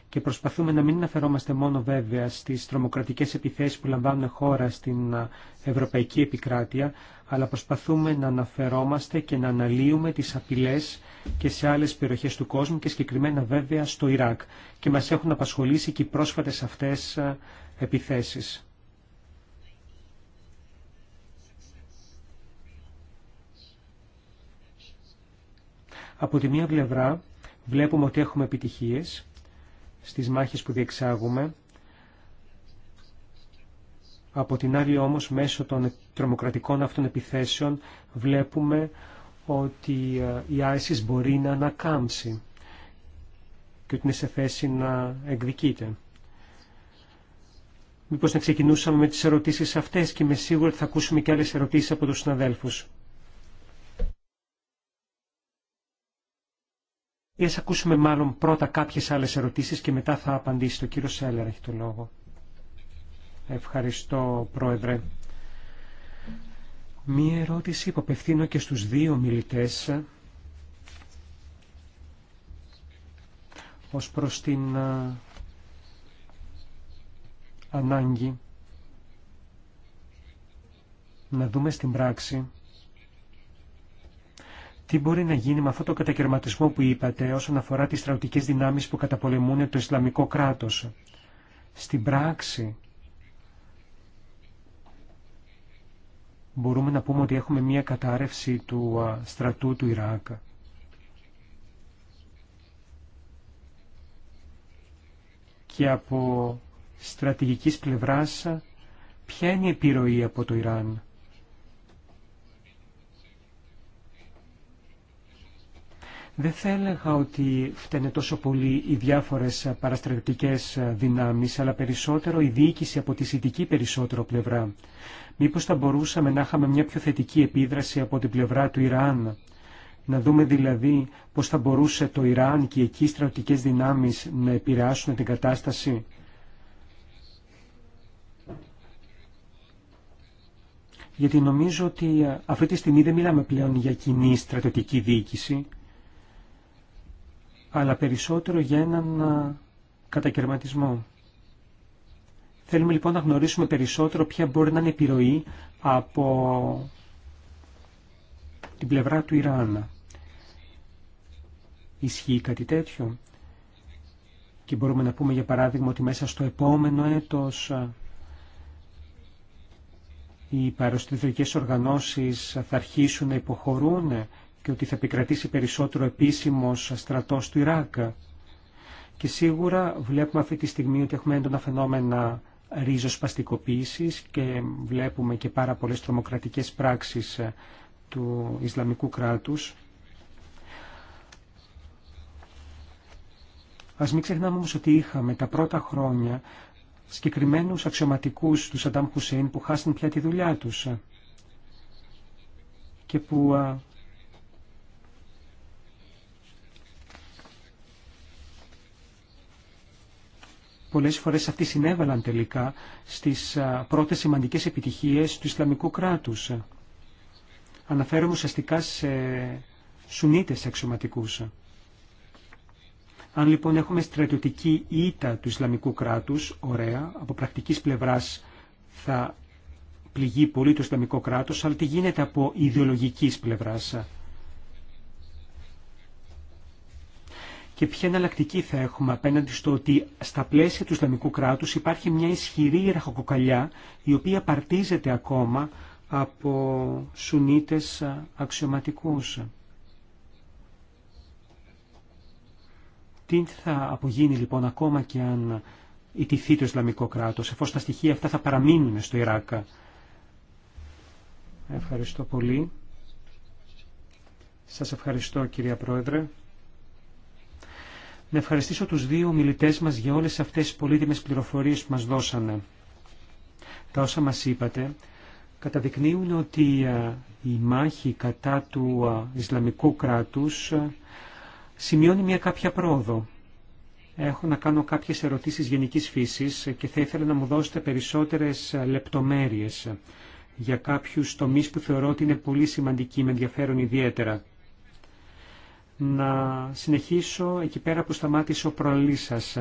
και προσπαθούμε να μην αναφερόμαστε μόνο βέβαια στις τρομοκρατικές επιθέσεις που λαμβάνουν χώρα στην ευρωπαϊκή επικράτεια, αλλά προσπαθούμε να αναφερόμαστε και να αναλύουμε τις απειλές και σε άλλες περιοχές του κόσμου και συγκεκριμένα βέβαια στο Ιράκ. Και μας έχουν απασχολήσει και οι πρόσφατες αυτές επιθέσεις. Από τη μία πλευρά βλέπουμε ότι έχουμε επιτυχίες στις μάχες που διεξάγουμε. Από την άλλη όμως μέσω των τρομοκρατικών αυτών επιθέσεων βλέπουμε ότι ε, η ISIS μπορεί να ανακάμψει και ότι είναι σε θέση να εκδικείται. Μήπως να ξεκινούσαμε με τις ερωτήσεις αυτές και είμαι σίγουρο ότι θα ακούσουμε και άλλες ερωτήσεις από τους συναδέλφους. Ή ας ακούσουμε μάλλον πρώτα κάποιες άλλες ερωτήσεις και μετά θα απαντήσει το κύριο Σέλερ, έχει το λόγο. Ευχαριστώ, Πρόεδρε. Μία ερώτηση που απευθύνω και στους δύο μιλητές ως προς την ανάγκη να δούμε στην πράξη τι μπορεί να γίνει με αυτό το κατακαιρματισμό που είπατε όσον αφορά τις στρατιωτικές δυνάμεις που καταπολεμούν το Ισλαμικό κράτος. Στην πράξη μπορούμε να πούμε ότι έχουμε μία κατάρρευση του στρατού του Ιράκ. Και από στρατηγικής πλευράς ποια είναι η επιρροή από το Ιράν. Δεν θα έλεγα ότι φταίνε τόσο πολύ οι διάφορες παραστρατιωτικές δυνάμεις, αλλά περισσότερο η διοίκηση από τη συντική περισσότερο πλευρά. Μήπως θα μπορούσαμε να είχαμε μια πιο θετική επίδραση από την πλευρά του Ιράν. Να δούμε δηλαδή πώς θα μπορούσε το Ιράν και οι εκεί στρατιωτικές δυνάμεις να επηρεάσουν την κατάσταση. Γιατί νομίζω ότι αυτή τη στιγμή δεν μιλάμε πλέον για κοινή στρατιωτική διοίκηση, αλλά περισσότερο για έναν κατακαιρματισμό. Θέλουμε λοιπόν να γνωρίσουμε περισσότερο ποια μπορεί να είναι επιρροή από την πλευρά του Ιράν. Ισχύει κάτι τέτοιο. Και μπορούμε να πούμε για παράδειγμα ότι μέσα στο επόμενο έτος οι παροστηθικές οργανώσεις θα αρχίσουν να υποχωρούν και ότι θα επικρατήσει περισσότερο επίσημος στρατός του Ιράκ. Και σίγουρα βλέπουμε αυτή τη στιγμή ότι έχουμε έντονα φαινόμενα ρίζοσπαστικοποίησης και βλέπουμε και πάρα πολλές τρομοκρατικές πράξεις ε, του Ισλαμικού κράτους. Ας μην ξεχνάμε όμως ότι είχαμε τα πρώτα χρόνια συγκεκριμένους αξιωματικούς του Σαντάμ Χουσέιν που χάσαν πια τη δουλειά τους ε, και που ε, πολλές φορές αυτοί συνέβαλαν τελικά στις πρώτες σημαντικές επιτυχίες του Ισλαμικού κράτους. Αναφέρομαι ουσιαστικά σε Σουνίτες αξιωματικούς. Αν λοιπόν έχουμε στρατιωτική ήττα του Ισλαμικού κράτους, ωραία, από πρακτικής πλευράς θα πληγεί πολύ το Ισλαμικό κράτος, αλλά τι γίνεται από ιδεολογικής πλευράς. και ποια εναλλακτική θα έχουμε απέναντι στο ότι στα πλαίσια του Ισλαμικού κράτους υπάρχει μια ισχυρή ραχοκοκαλιά η οποία παρτίζεται ακόμα από Σουνίτες αξιωματικούς. Τι θα απογίνει λοιπόν ακόμα και αν ιτηθεί το Ισλαμικό κράτος, εφόσον τα στοιχεία αυτά θα παραμείνουν στο Ιράκ. Ευχαριστώ πολύ. Σας ευχαριστώ κυρία Πρόεδρε να ευχαριστήσω τους δύο μιλητές μας για όλες αυτές τις πολύτιμες πληροφορίες που μας δώσανε. Τα όσα μας είπατε καταδεικνύουν ότι η μάχη κατά του Ισλαμικού κράτους σημειώνει μια κάποια πρόοδο. Έχω να κάνω κάποιες ερωτήσεις γενικής φύσης και θα ήθελα να μου δώσετε περισσότερες λεπτομέρειες για κάποιους τομείς που θεωρώ ότι είναι πολύ σημαντικοί, με ενδιαφέρον ιδιαίτερα να συνεχίσω εκεί πέρα που σταμάτησε ο προλή σας.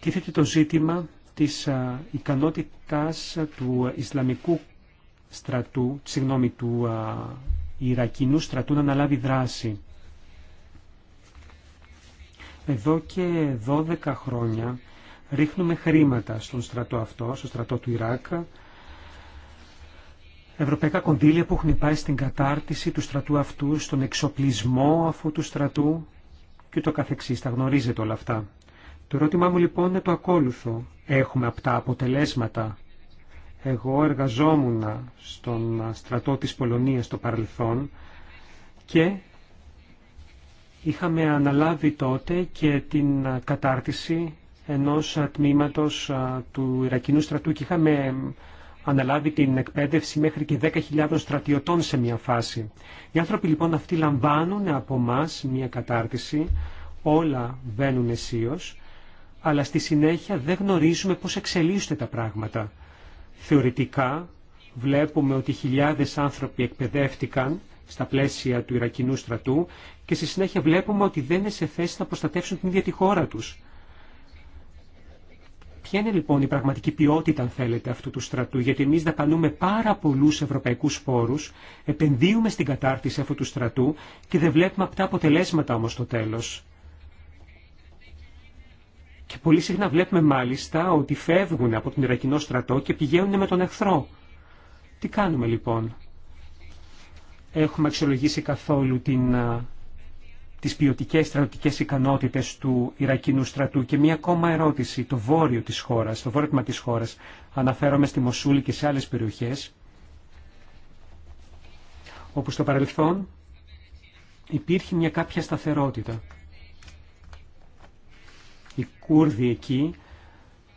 θέτει το ζήτημα της ικανότητας του Ισλαμικού στρατού, συγγνώμη, του Ιρακινού στρατού να αναλάβει δράση. Εδώ και 12 χρόνια ρίχνουμε χρήματα στον στρατό αυτό, στον στρατό του Ιράκ, ευρωπαϊκά κονδύλια που έχουν πάει στην κατάρτιση του στρατού αυτού, στον εξοπλισμό αφού του στρατού και το καθεξής. Τα γνωρίζετε όλα αυτά. Το ερώτημά μου λοιπόν είναι το ακόλουθο. Έχουμε τα αποτελέσματα. Εγώ εργαζόμουν στον στρατό της Πολωνίας στο παρελθόν και είχαμε αναλάβει τότε και την κατάρτιση ενός τμήματος του Ιρακινού στρατού και είχαμε αναλάβει την εκπαίδευση μέχρι και 10.000 στρατιωτών σε μια φάση. Οι άνθρωποι λοιπόν αυτοί λαμβάνουν από εμά μια κατάρτιση, όλα μπαίνουν αισίω, αλλά στη συνέχεια δεν γνωρίζουμε πώς εξελίσσονται τα πράγματα. Θεωρητικά βλέπουμε ότι χιλιάδες άνθρωποι εκπαιδεύτηκαν στα πλαίσια του Ιρακινού στρατού και στη συνέχεια βλέπουμε ότι δεν είναι σε θέση να προστατεύσουν την ίδια τη χώρα τους. Ποια είναι λοιπόν η πραγματική ποιότητα, αν θέλετε, αυτού του στρατού, γιατί εμεί δαπανούμε πάρα πολλού ευρωπαϊκού πόρου, επενδύουμε στην κατάρτιση αυτού του στρατού και δεν βλέπουμε αυτά αποτελέσματα όμω στο τέλο. Και πολύ συχνά βλέπουμε μάλιστα ότι φεύγουν από τον Ιρακινό στρατό και πηγαίνουν με τον εχθρό. Τι κάνουμε λοιπόν. Έχουμε αξιολογήσει καθόλου την τις ποιοτικέ στρατιωτικές ικανότητες του Ιρακινού στρατού. Και μία ακόμα ερώτηση, το βόρειο της χώρας, το βόρειο τμήμα της χώρας, αναφέρομαι στη Μοσούλη και σε άλλες περιοχές, όπου στο παρελθόν υπήρχε μια κάποια σταθερότητα. Οι Κούρδοι εκεί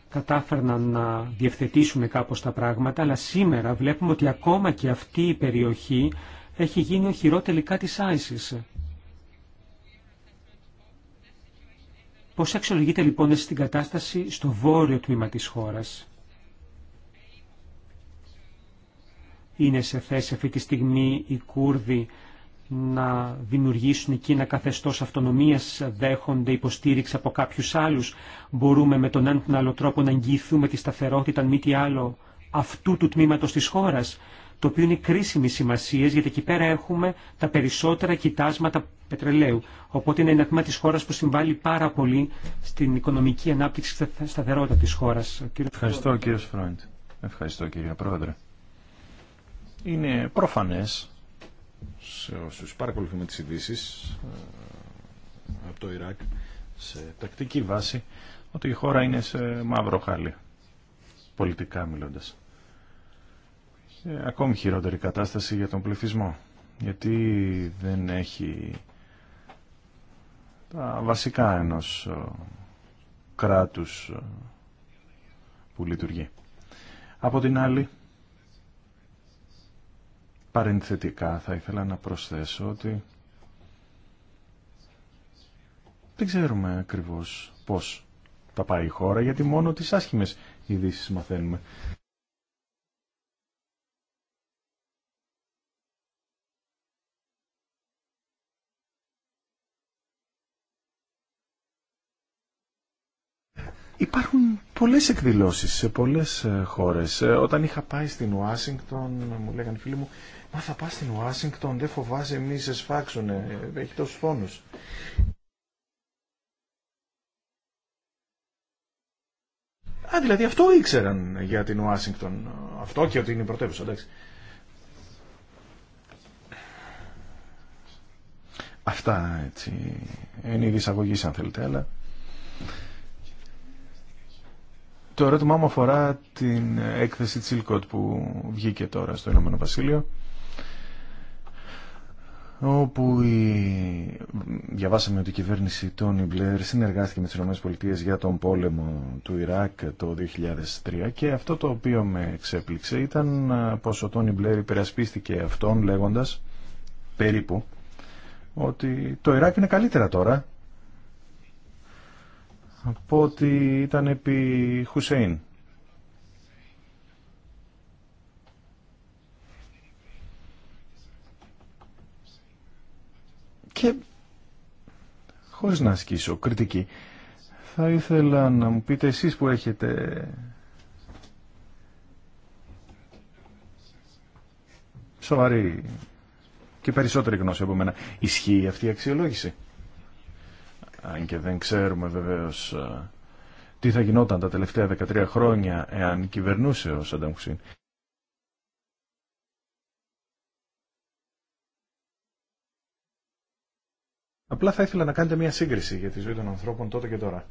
κατάφερναν να διευθετήσουν κάπως τα πράγματα, αλλά σήμερα βλέπουμε ότι ακόμα και αυτή η περιοχή έχει γίνει ο χειρό τελικά της Άισης. Πώς αξιολογείται λοιπόν εσείς την κατάσταση στο βόρειο τμήμα της χώρας. Είναι σε θέση αυτή τη στιγμή οι Κούρδοι να δημιουργήσουν εκεί ένα καθεστώς αυτονομίας, δέχονται υποστήριξη από κάποιους άλλους. Μπορούμε με τον έναν τον άλλο τρόπο να εγγυηθούμε τη σταθερότητα, αν μη τι άλλο, αυτού του τμήματος της χώρας το οποίο είναι κρίσιμη σημασία, γιατί εκεί πέρα έχουμε τα περισσότερα κοιτάσματα πετρελαίου. Οπότε είναι ένα τμήμα τη χώρα που συμβάλλει πάρα πολύ στην οικονομική ανάπτυξη και σταθερότητα τη χώρα. Ευχαριστώ κύριε Φρόντ. Ευχαριστώ κύριε Πρόεδρε. Είναι προφανές σε όσους παρακολουθούμε τι ειδήσει ε, από το Ιράκ σε τακτική βάση ότι η χώρα είναι σε μαύρο χάλι πολιτικά μιλώντας. Ε, ακόμη χειρότερη κατάσταση για τον πληθυσμό. Γιατί δεν έχει τα βασικά ενός ε, κράτους ε, που λειτουργεί. Από την άλλη, παρενθετικά θα ήθελα να προσθέσω ότι δεν ξέρουμε ακριβώς πώς τα πάει η χώρα, γιατί μόνο τις άσχημες ειδήσει μαθαίνουμε. Υπάρχουν πολλές εκδηλώσεις σε πολλές ε, χώρες. Ε, όταν είχα πάει στην Ουάσιγκτον, μου λέγανε φίλοι μου, μα θα πας στην Ουάσιγκτον, δεν φοβάσαι μη σε σφάξουνε, ε, έχει τόσους φόνους. Α, δηλαδή αυτό ήξεραν για την Ουάσιγκτον. Αυτό και ότι είναι η πρωτεύουσα, εντάξει. Αυτά έτσι είναι η δισαγωγή αν θέλετε, αλλά το ερώτημά μου αφορά την έκθεση Τσίλκοτ που βγήκε τώρα στο Ηνωμένο Βασίλειο όπου η... διαβάσαμε ότι η κυβέρνηση Τόνι Μπλερ συνεργάστηκε με τις ΗΠΑ για τον πόλεμο του Ιράκ το 2003 και αυτό το οποίο με εξέπληξε ήταν πως ο Τόνι Μπλερ υπερασπίστηκε αυτόν λέγοντας περίπου ότι το Ιράκ είναι καλύτερα τώρα από ότι ήταν επί Χουσέιν. Και χωρίς να ασκήσω κριτική, θα ήθελα να μου πείτε εσείς που έχετε σοβαρή και περισσότερη γνώση από μένα. Ισχύει αυτή η αξιολόγηση αν και δεν ξέρουμε βεβαίως ε, τι θα γινόταν τα τελευταία 13 χρόνια εάν κυβερνούσε ο Σαντάμ Χουσίν. Απλά θα ήθελα να κάνετε μια σύγκριση για τη ζωή των ανθρώπων τότε και τώρα.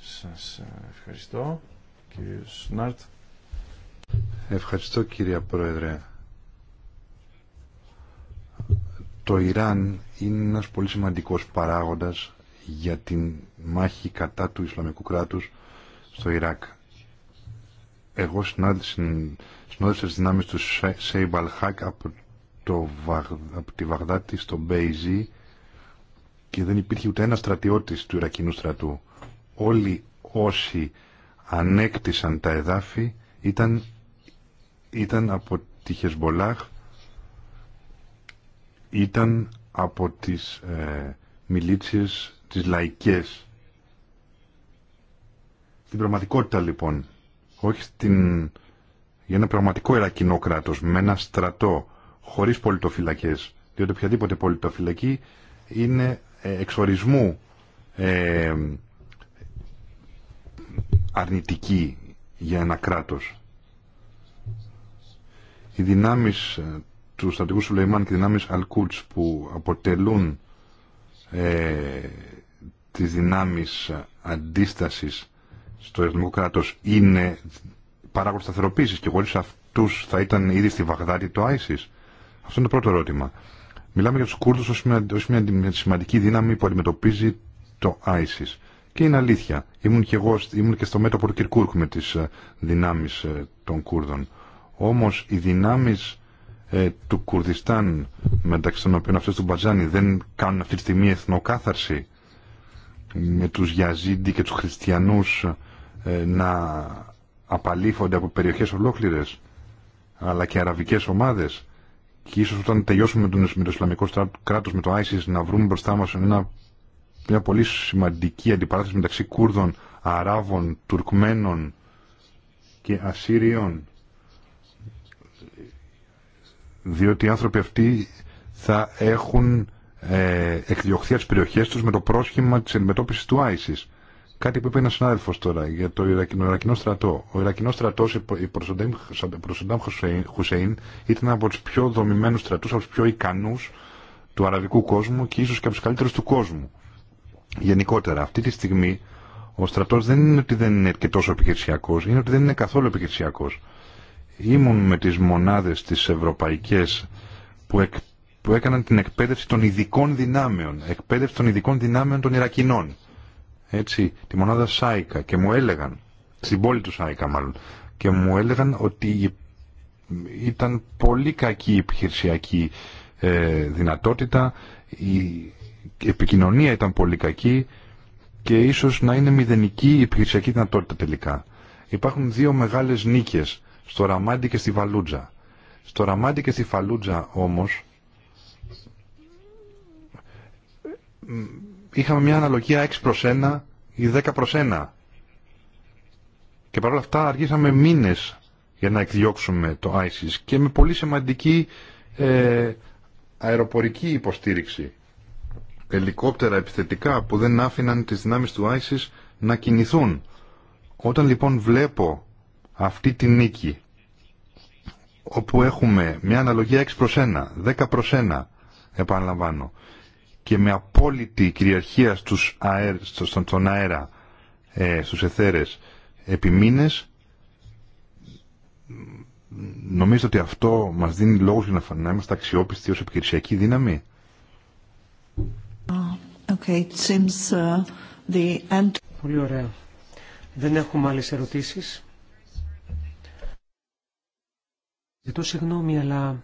Σας ε, ευχαριστώ, κύριε Σνάρτ. Ευχαριστώ, κύριε Πρόεδρε. Το Ιράν είναι ένας πολύ σημαντικός παράγοντας για την μάχη κατά του Ισλαμικού κράτους στο Ιράκ. Εγώ συνόδευσα τις δυνάμεις του Σέιμπ από, από τη Βαγδάτη στο Μπέιζι και δεν υπήρχε ούτε ένα στρατιώτης του Ιρακινού στρατού. Όλοι όσοι ανέκτησαν τα εδάφη ήταν, ήταν από τη Χεσμολάχ ήταν από τις ε, τι τις λαϊκές. Στην πραγματικότητα λοιπόν, όχι στην... για ένα πραγματικό ερακινό κράτος, με ένα στρατό, χωρίς πολιτοφυλακές, διότι οποιαδήποτε πολιτοφυλακή είναι ε, εξορισμού ε, αρνητική για ένα κράτος. Οι δυνάμεις ε, του στρατηγού Σουλεϊμάν και δυνάμει Αλκούτς που αποτελούν ε, τις δυνάμεις αντίστασης στο Ισλαμικό Κράτο είναι παράγοντα σταθεροποίηση και χωρί αυτού θα ήταν ήδη στη Βαγδάτη το Άισι. Αυτό είναι το πρώτο ερώτημα. Μιλάμε για του Κούρδου ω μια, μια σημαντική δύναμη που αντιμετωπίζει το Άισι. Και είναι αλήθεια. Ήμουν και εγώ ήμουν και στο μέτωπο του Κυρκούρκ με τι ε, δυνάμει ε, των Κούρδων. Όμω οι δυνάμει. Ε, του Κουρδιστάν μεταξύ των οποίων αυτές του Μπατζάνι δεν κάνουν αυτή τη στιγμή εθνοκάθαρση με τους Γιαζίντι και τους Χριστιανούς ε, να απαλήφονται από περιοχές ολόκληρες αλλά και αραβικές ομάδες και ίσως όταν τελειώσουμε με, τον, με το Ισλαμικό κράτος, με το ISIS να βρούμε μπροστά μας μια πολύ σημαντική αντιπαράθεση μεταξύ Κούρδων, Αράβων, Τουρκμένων και Ασσύριων διότι οι άνθρωποι αυτοί θα έχουν ε, εκδιωχθεί από τι περιοχέ του με το πρόσχημα τη αντιμετώπιση του Άισι. Κάτι που είπε ένα συνάδελφο τώρα για το Ιρακινό στρατό. Ο Ιρακινό στρατό η Προσοντάμ Χουσέιν ήταν από του πιο δομημένου στρατού, από του πιο ικανού του αραβικού κόσμου και ίσω και από του καλύτερου του κόσμου. Γενικότερα, αυτή τη στιγμή ο στρατό δεν είναι ότι δεν είναι και τόσο επιχειρησιακό, είναι ότι δεν είναι καθόλου επιχειρησιακό ήμουν με τις μονάδες τις ευρωπαϊκές που, που έκαναν την εκπαίδευση των ειδικών δυνάμεων, εκπαίδευση των ειδικών δυνάμεων των Ιρακινών. Έτσι, τη μονάδα Σάικα και μου έλεγαν, στην πόλη του Σάικα μάλλον, και μου έλεγαν ότι ήταν πολύ κακή η επιχειρησιακή ε, δυνατότητα, η επικοινωνία ήταν πολύ κακή και ίσως να είναι μηδενική η επιχειρησιακή δυνατότητα τελικά. Υπάρχουν δύο μεγάλες νίκες στο Ραμάντι και στη Βαλούτζα. Στο Ραμάντι και στη Φαλούτζα όμως είχαμε μια αναλογία 6 προς 1 ή 10 προς 1. Και παρόλα αυτά αργήσαμε μήνες για να εκδιώξουμε το ISIS και με πολύ σημαντική ε, αεροπορική υποστήριξη. Ελικόπτερα επιθετικά που δεν άφηναν τις δυνάμεις του ISIS να κινηθούν. Όταν λοιπόν βλέπω αυτή τη νίκη όπου έχουμε μια αναλογία 6 προς 1, 10 προς 1 επαναλαμβάνω και με απόλυτη κυριαρχία στους αέρ, στον, στον αέρα ε, στους εθέρες επί μήνες, νομίζω ότι αυτό μας δίνει λόγους για να, να είμαστε αξιόπιστοι ως επιχειρησιακή δύναμη. Oh, okay, it seems, uh, the end... Πολύ ωραία. Δεν έχουμε άλλες ερωτήσεις. ζητώ συγγνώμη, αλλά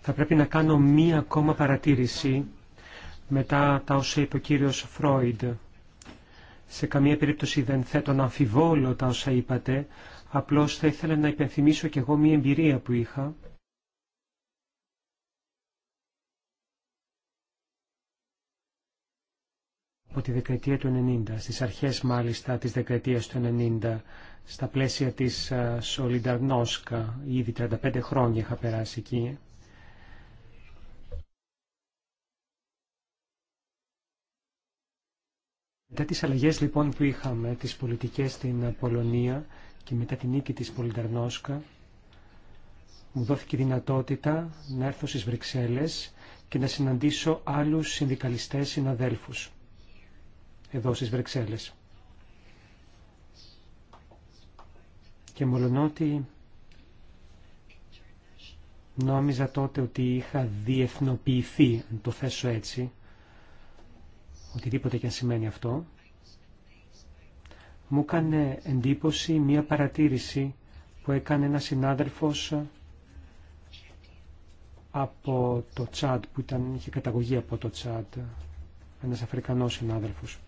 θα πρέπει να κάνω μία ακόμα παρατήρηση μετά τα όσα είπε ο κύριος Φρόιντ. Σε καμία περίπτωση δεν θέτω να αμφιβόλω τα όσα είπατε, απλώς θα ήθελα να υπενθυμίσω κι εγώ μία εμπειρία που είχα. από τη δεκαετία του 90, στις αρχές μάλιστα της δεκαετίας του 90, στα πλαίσια της ε, Σολινταρνόσκα. Ήδη 35 χρόνια είχα περάσει εκεί. Μετά τις αλλαγές λοιπόν που είχαμε, τις πολιτικές στην ε, Πολωνία και μετά την νίκη της Πολυνταρνόσκα, μου δόθηκε η δυνατότητα να έρθω στις Βρυξέλλες και να συναντήσω άλλους συνδικαλιστές συναδέλφους εδώ στις Βρυξέλλες. και μολονότι νόμιζα τότε ότι είχα διεθνοποιηθεί, αν το θέσω έτσι, οτιδήποτε και αν σημαίνει αυτό, μου έκανε εντύπωση μία παρατήρηση που έκανε ένας συνάδελφος από το Τσάντ, που ήταν, είχε καταγωγή από το Τσάντ, ένας Αφρικανός συνάδελφος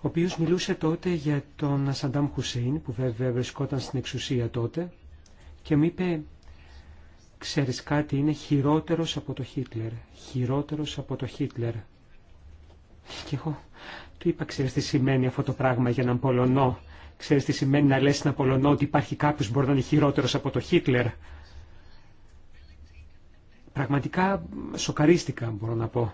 ο οποίος μιλούσε τότε για τον Σαντάμ Χουσέιν, που βέβαια βρισκόταν στην εξουσία τότε, και μου είπε, ξέρεις κάτι, είναι χειρότερος από το Χίτλερ, χειρότερος από το Χίτλερ. Και εγώ του είπα, ξέρεις τι σημαίνει αυτό το πράγμα για έναν Πολωνό, ξέρεις τι σημαίνει να λες έναν Πολωνό ότι υπάρχει κάποιος που μπορεί να είναι χειρότερος από το Χίτλερ. Πραγματικά σοκαρίστηκα, μπορώ να πω.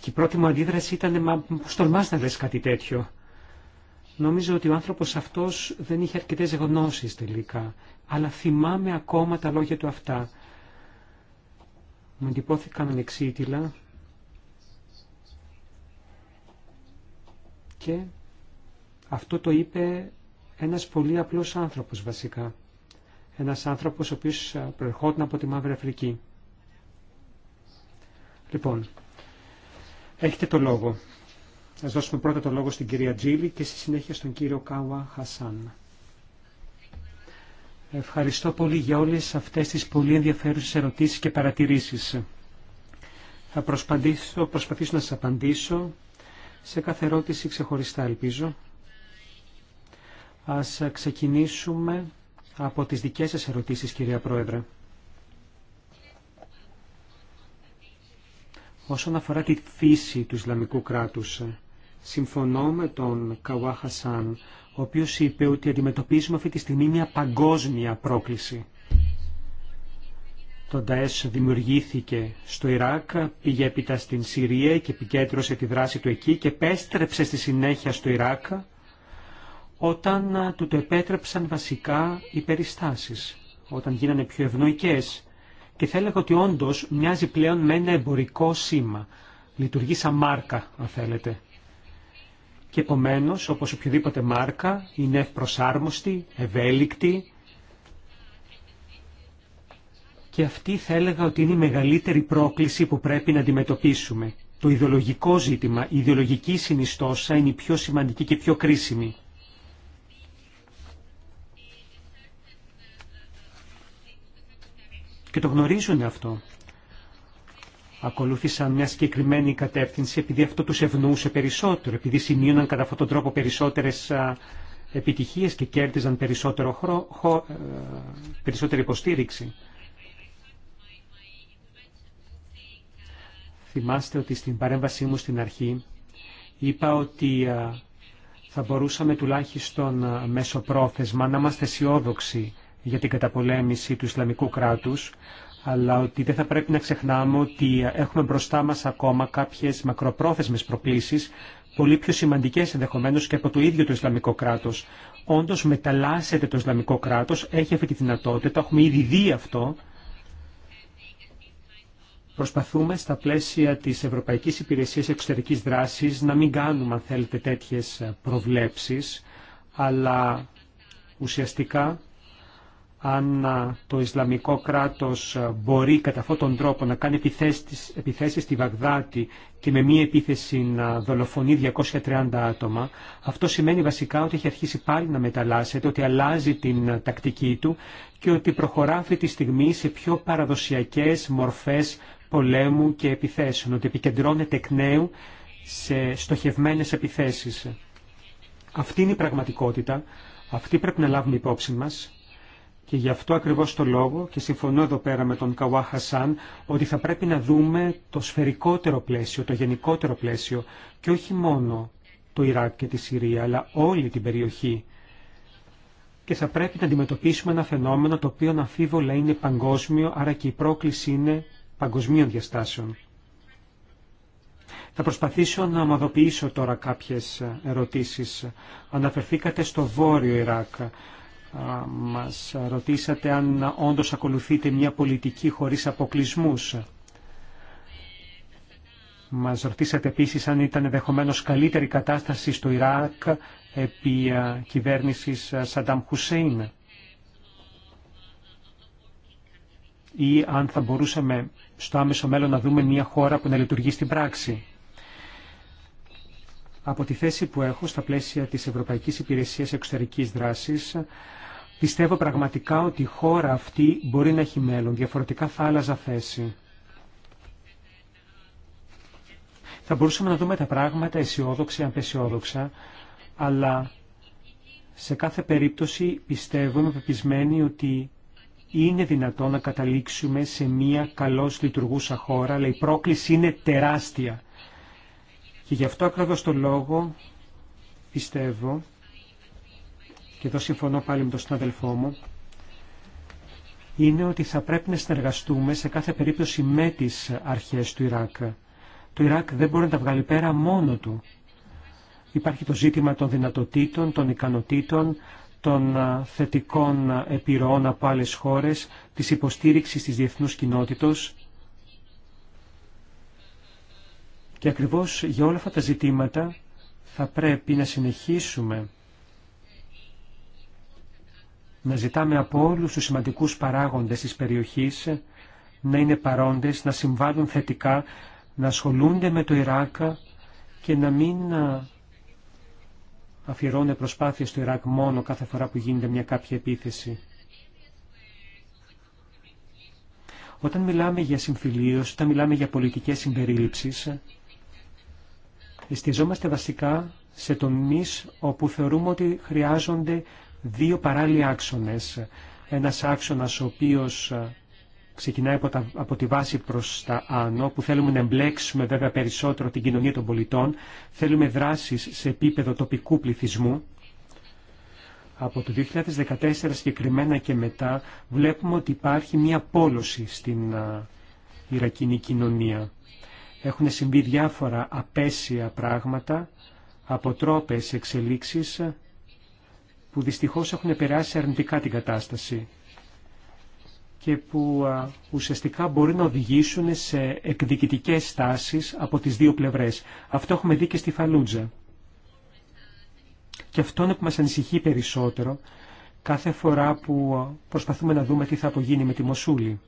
Και η πρώτη μου αντίδραση ήταν «Μα πώς τολμάς να λες κάτι τέτοιο». Νομίζω ότι ο άνθρωπος αυτός δεν είχε αρκετές γνώσεις τελικά, αλλά θυμάμαι ακόμα τα λόγια του αυτά. Μου εντυπώθηκαν ανεξίτηλα και αυτό το είπε ένας πολύ απλός άνθρωπος βασικά. Ένας άνθρωπος ο οποίος προερχόταν από τη Μαύρη Αφρική. Λοιπόν, Έχετε το λόγο. Ας δώσουμε πρώτα το λόγο στην κυρία Τζίλη και στη συνέχεια στον κύριο Κάουα Χασάν. Ευχαριστώ πολύ για όλες αυτές τις πολύ ενδιαφέρουσες ερωτήσεις και παρατηρήσεις. Θα προσπαθήσω, προσπαθήσω να σας απαντήσω σε κάθε ερώτηση ξεχωριστά, ελπίζω. Ας ξεκινήσουμε από τις δικές σας ερωτήσεις, κυρία Πρόεδρε. Όσον αφορά τη φύση του Ισλαμικού κράτους, συμφωνώ με τον Καουά Χασάν, ο οποίος είπε ότι αντιμετωπίζουμε αυτή τη στιγμή μια παγκόσμια πρόκληση. Το ΝΤΑΕΣ δημιουργήθηκε στο Ιράκ, πήγε έπειτα στην Συρία και επικέντρωσε τη δράση του εκεί και πέστρεψε στη συνέχεια στο Ιράκ όταν του το επέτρεψαν βασικά οι περιστάσεις, όταν γίνανε πιο ευνοϊκές και θα έλεγα ότι όντω μοιάζει πλέον με ένα εμπορικό σήμα. Λειτουργεί σαν μάρκα, αν θέλετε. Και επομένω, όπω οποιοδήποτε μάρκα, είναι ευπροσάρμοστη, ευέλικτη. Και αυτή θα έλεγα ότι είναι η μεγαλύτερη πρόκληση που πρέπει να αντιμετωπίσουμε. Το ιδεολογικό ζήτημα, η ιδεολογική συνιστόσα είναι η πιο σημαντική και πιο κρίσιμη. και το γνωρίζουν αυτό. Ακολούθησαν μια συγκεκριμένη κατεύθυνση επειδή αυτό τους ευνοούσε περισσότερο, επειδή σημείωναν κατά αυτόν τον τρόπο περισσότερες επιτυχίες και κέρδιζαν περισσότερο χρο... Ε, περισσότερη υποστήριξη. Θυμάστε ότι στην παρέμβασή μου στην αρχή είπα ότι θα μπορούσαμε τουλάχιστον πρόθεσμα να είμαστε αισιόδοξοι για την καταπολέμηση του Ισλαμικού κράτους, αλλά ότι δεν θα πρέπει να ξεχνάμε ότι έχουμε μπροστά μας ακόμα κάποιες μακροπρόθεσμες προκλήσεις, πολύ πιο σημαντικές ενδεχομένως και από το ίδιο το Ισλαμικό κράτος. Όντως μεταλλάσσεται το Ισλαμικό κράτος, έχει αυτή τη δυνατότητα, έχουμε ήδη δει αυτό, Προσπαθούμε στα πλαίσια της Ευρωπαϊκής Υπηρεσίας Εξωτερικής Δράσης να μην κάνουμε, αν θέλετε, τέτοιες προβλέψεις, αλλά ουσιαστικά αν το Ισλαμικό κράτος μπορεί κατά αυτόν τον τρόπο να κάνει επιθέσεις, επιθέσεις στη Βαγδάτη και με μία επίθεση να δολοφονεί 230 άτομα, αυτό σημαίνει βασικά ότι έχει αρχίσει πάλι να μεταλλάσσεται, ότι αλλάζει την τακτική του και ότι προχωρά αυτή τη στιγμή σε πιο παραδοσιακές μορφές πολέμου και επιθέσεων, ότι επικεντρώνεται εκ νέου σε στοχευμένες επιθέσεις. Αυτή είναι η πραγματικότητα, αυτή πρέπει να λάβουμε υπόψη μας και γι' αυτό ακριβώς το λόγο, και συμφωνώ εδώ πέρα με τον Καουά Χασάν, ότι θα πρέπει να δούμε το σφαιρικότερο πλαίσιο, το γενικότερο πλαίσιο, και όχι μόνο το Ιράκ και τη Συρία, αλλά όλη την περιοχή. Και θα πρέπει να αντιμετωπίσουμε ένα φαινόμενο το οποίο αμφίβολα είναι παγκόσμιο, άρα και η πρόκληση είναι παγκοσμίων διαστάσεων. Θα προσπαθήσω να ομαδοποιήσω τώρα κάποιες ερωτήσεις. Αναφερθήκατε στο Βόρειο Ιράκ μας ρωτήσατε αν όντως ακολουθείτε μια πολιτική χωρίς αποκλεισμούς. Μας ρωτήσατε επίσης αν ήταν ενδεχομένω καλύτερη κατάσταση στο Ιράκ επί κυβέρνησης Σαντάμ Χουσέιν ή αν θα μπορούσαμε στο άμεσο μέλλον να δούμε μια χώρα που να λειτουργεί στην πράξη. Από τη θέση που έχω στα πλαίσια της Ευρωπαϊκής Υπηρεσίας Εξωτερικής Δράσης Πιστεύω πραγματικά ότι η χώρα αυτή μπορεί να έχει μέλλον. Διαφορετικά θα άλλαζα θέση. Θα μπορούσαμε να δούμε τα πράγματα αισιόδοξα ή απεσιόδοξα, αλλά σε κάθε περίπτωση πιστεύω, είμαι πεπισμένη, ότι είναι δυνατό να καταλήξουμε σε μια καλώς λειτουργούσα χώρα, αλλά η πρόκληση είναι τεράστια. Και γι' αυτό ακριβώς το λόγο πιστεύω και εδώ συμφωνώ πάλι με τον συνάδελφό μου, είναι ότι θα πρέπει να συνεργαστούμε σε κάθε περίπτωση με τις αρχές του Ιράκ. Το Ιράκ δεν μπορεί να τα βγάλει πέρα μόνο του. Υπάρχει το ζήτημα των δυνατοτήτων, των ικανοτήτων, των θετικών επιρροών από άλλες χώρες, της υποστήριξης της διεθνούς κοινότητος. Και ακριβώς για όλα αυτά τα ζητήματα θα πρέπει να συνεχίσουμε να ζητάμε από όλους τους σημαντικούς παράγοντες της περιοχής να είναι παρόντες, να συμβάλλουν θετικά, να ασχολούνται με το Ιράκ και να μην αφιερώνε προσπάθειες στο Ιράκ μόνο κάθε φορά που γίνεται μια κάποια επίθεση. Όταν μιλάμε για συμφιλίωση, όταν μιλάμε για πολιτικές συμπερίληψεις, εστιαζόμαστε βασικά σε τομείς όπου θεωρούμε ότι χρειάζονται δύο παράλληλοι άξονες. Ένας άξονας ο οποίος ε, ξεκινάει από, τα, από τη βάση προς τα άνω, που θέλουμε να εμπλέξουμε βέβαια περισσότερο την κοινωνία των πολιτών. Θέλουμε δράσεις σε επίπεδο τοπικού πληθυσμού. Από το 2014 συγκεκριμένα και μετά βλέπουμε ότι υπάρχει μία πόλωση στην ε, Ιρακινή κοινωνία. Έχουν συμβεί διάφορα απέσια πράγματα, αποτρόπες εξελίξεις που δυστυχώς έχουν περάσει αρνητικά την κατάσταση και που ουσιαστικά μπορεί να οδηγήσουν σε εκδικητικές στάσεις από τις δύο πλευρές. Αυτό έχουμε δει και στη Φαλούτζα. Και αυτό είναι που μας ανησυχεί περισσότερο κάθε φορά που προσπαθούμε να δούμε τι θα απογίνει με τη Μοσούλη.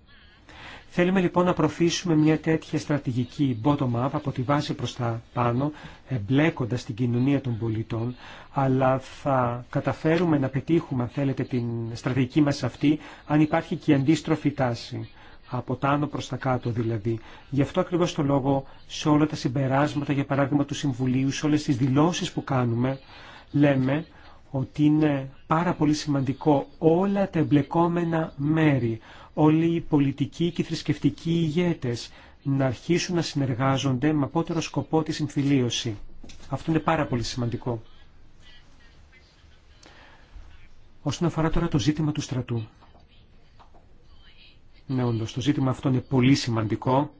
Θέλουμε λοιπόν να προφήσουμε μια τέτοια στρατηγική bottom-up από τη βάση προς τα πάνω, εμπλέκοντας την κοινωνία των πολιτών, αλλά θα καταφέρουμε να πετύχουμε, αν θέλετε, την στρατηγική μας αυτή, αν υπάρχει και η αντίστροφη τάση από τάνω προς τα κάτω δηλαδή. Γι' αυτό ακριβώς το λόγο σε όλα τα συμπεράσματα, για παράδειγμα του Συμβουλίου, σε όλες τις δηλώσεις που κάνουμε, λέμε ότι είναι πάρα πολύ σημαντικό όλα τα εμπλεκόμενα μέρη, όλοι οι πολιτικοί και οι θρησκευτικοί ηγέτες να αρχίσουν να συνεργάζονται με απότερο σκοπό τη συμφιλίωση. Αυτό είναι πάρα πολύ σημαντικό. Όσον αφορά τώρα το ζήτημα του στρατού. Ναι, όντως, το ζήτημα αυτό είναι πολύ σημαντικό.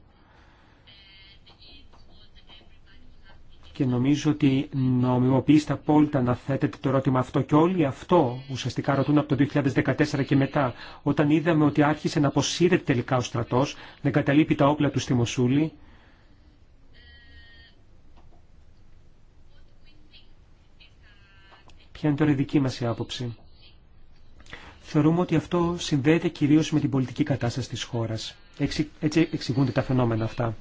και νομίζω ότι νομιμοποιήστε απόλυτα να θέτετε το ερώτημα αυτό και όλοι αυτό ουσιαστικά ρωτούν από το 2014 και μετά όταν είδαμε ότι άρχισε να αποσύρεται τελικά ο στρατός, να εγκαταλείπει τα όπλα του στη Μοσούλη. Ποια είναι τώρα η δική μας άποψη. Θεωρούμε ότι αυτό συνδέεται κυρίως με την πολιτική κατάσταση της χώρας. Έτσι εξηγούνται τα φαινόμενα αυτά.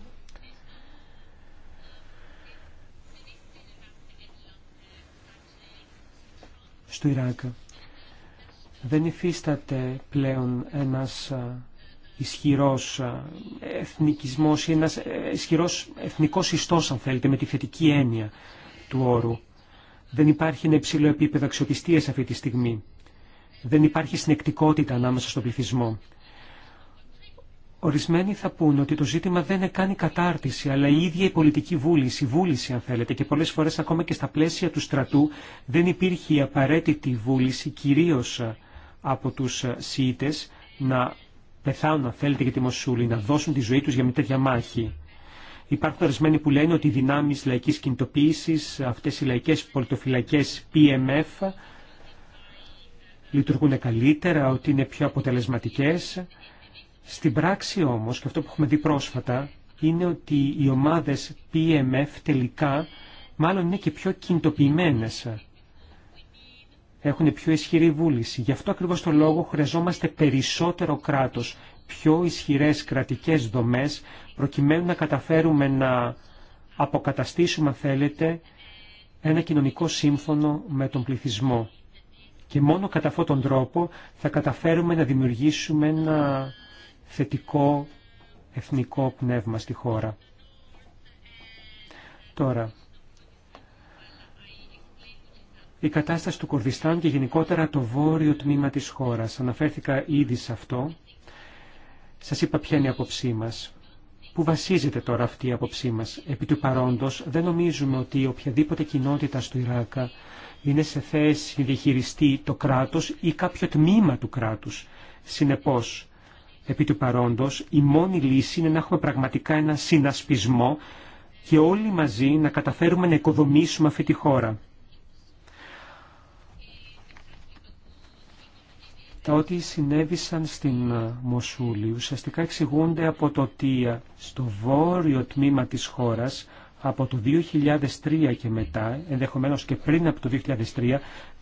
στο Ιράκ. Δεν υφίσταται πλέον ένας ισχυρός εθνικισμός ή ένας ε, ισχυρός εθνικός ιστός, αν θέλετε, με τη θετική έννοια του όρου. Δεν υπάρχει ένα υψηλό επίπεδο αξιοπιστίας αυτή τη στιγμή. Δεν υπάρχει συνεκτικότητα ανάμεσα στον πληθυσμό. Ορισμένοι θα πούν ότι το ζήτημα δεν είναι καν η κατάρτιση, αλλά η ίδια η πολιτική βούληση, η βούληση αν θέλετε, και πολλές φορές ακόμα και στα πλαίσια του στρατού δεν υπήρχε η απαραίτητη βούληση, κυρίως ε, από τους ε, ΣΥΙΤΕΣ, να πεθάνουν αν θέλετε για τη Μοσούλη, να δώσουν τη ζωή τους για μια τέτοια μάχη. Υπάρχουν ορισμένοι που λένε ότι οι δυνάμεις λαϊκής κινητοποίησης, αυτές οι λαϊκές πολιτοφυλακές PMF, λειτουργούν καλύτερα, ότι είναι πιο αποτελεσματικές. Στην πράξη όμως, και αυτό που έχουμε δει πρόσφατα, είναι ότι οι ομάδες PMF τελικά μάλλον είναι και πιο κινητοποιημένες. Έχουν πιο ισχυρή βούληση. Γι' αυτό ακριβώς το λόγο χρειαζόμαστε περισσότερο κράτος, πιο ισχυρές κρατικές δομές, προκειμένου να καταφέρουμε να αποκαταστήσουμε, αν θέλετε, ένα κοινωνικό σύμφωνο με τον πληθυσμό. Και μόνο κατά αυτόν τον τρόπο θα καταφέρουμε να δημιουργήσουμε ένα θετικό εθνικό πνεύμα στη χώρα. Τώρα, η κατάσταση του Κορδιστάν και γενικότερα το βόρειο τμήμα της χώρας. Αναφέρθηκα ήδη σε αυτό. Σας είπα ποια είναι η απόψή μας. Πού βασίζεται τώρα αυτή η απόψή μας. Επί του παρόντος δεν νομίζουμε ότι οποιαδήποτε κοινότητα στο Ιράκα είναι σε θέση να διαχειριστεί το κράτος ή κάποιο τμήμα του κράτους. Συνεπώς, Επί του παρόντος, η μόνη λύση είναι να έχουμε πραγματικά ένα συνασπισμό και όλοι μαζί να καταφέρουμε να οικοδομήσουμε αυτή τη χώρα. Τα ό,τι συνέβησαν στην Μοσούλη ουσιαστικά εξηγούνται από το ότι στο βόρειο τμήμα της χώρας από το 2003 και μετά, ενδεχομένως και πριν από το 2003,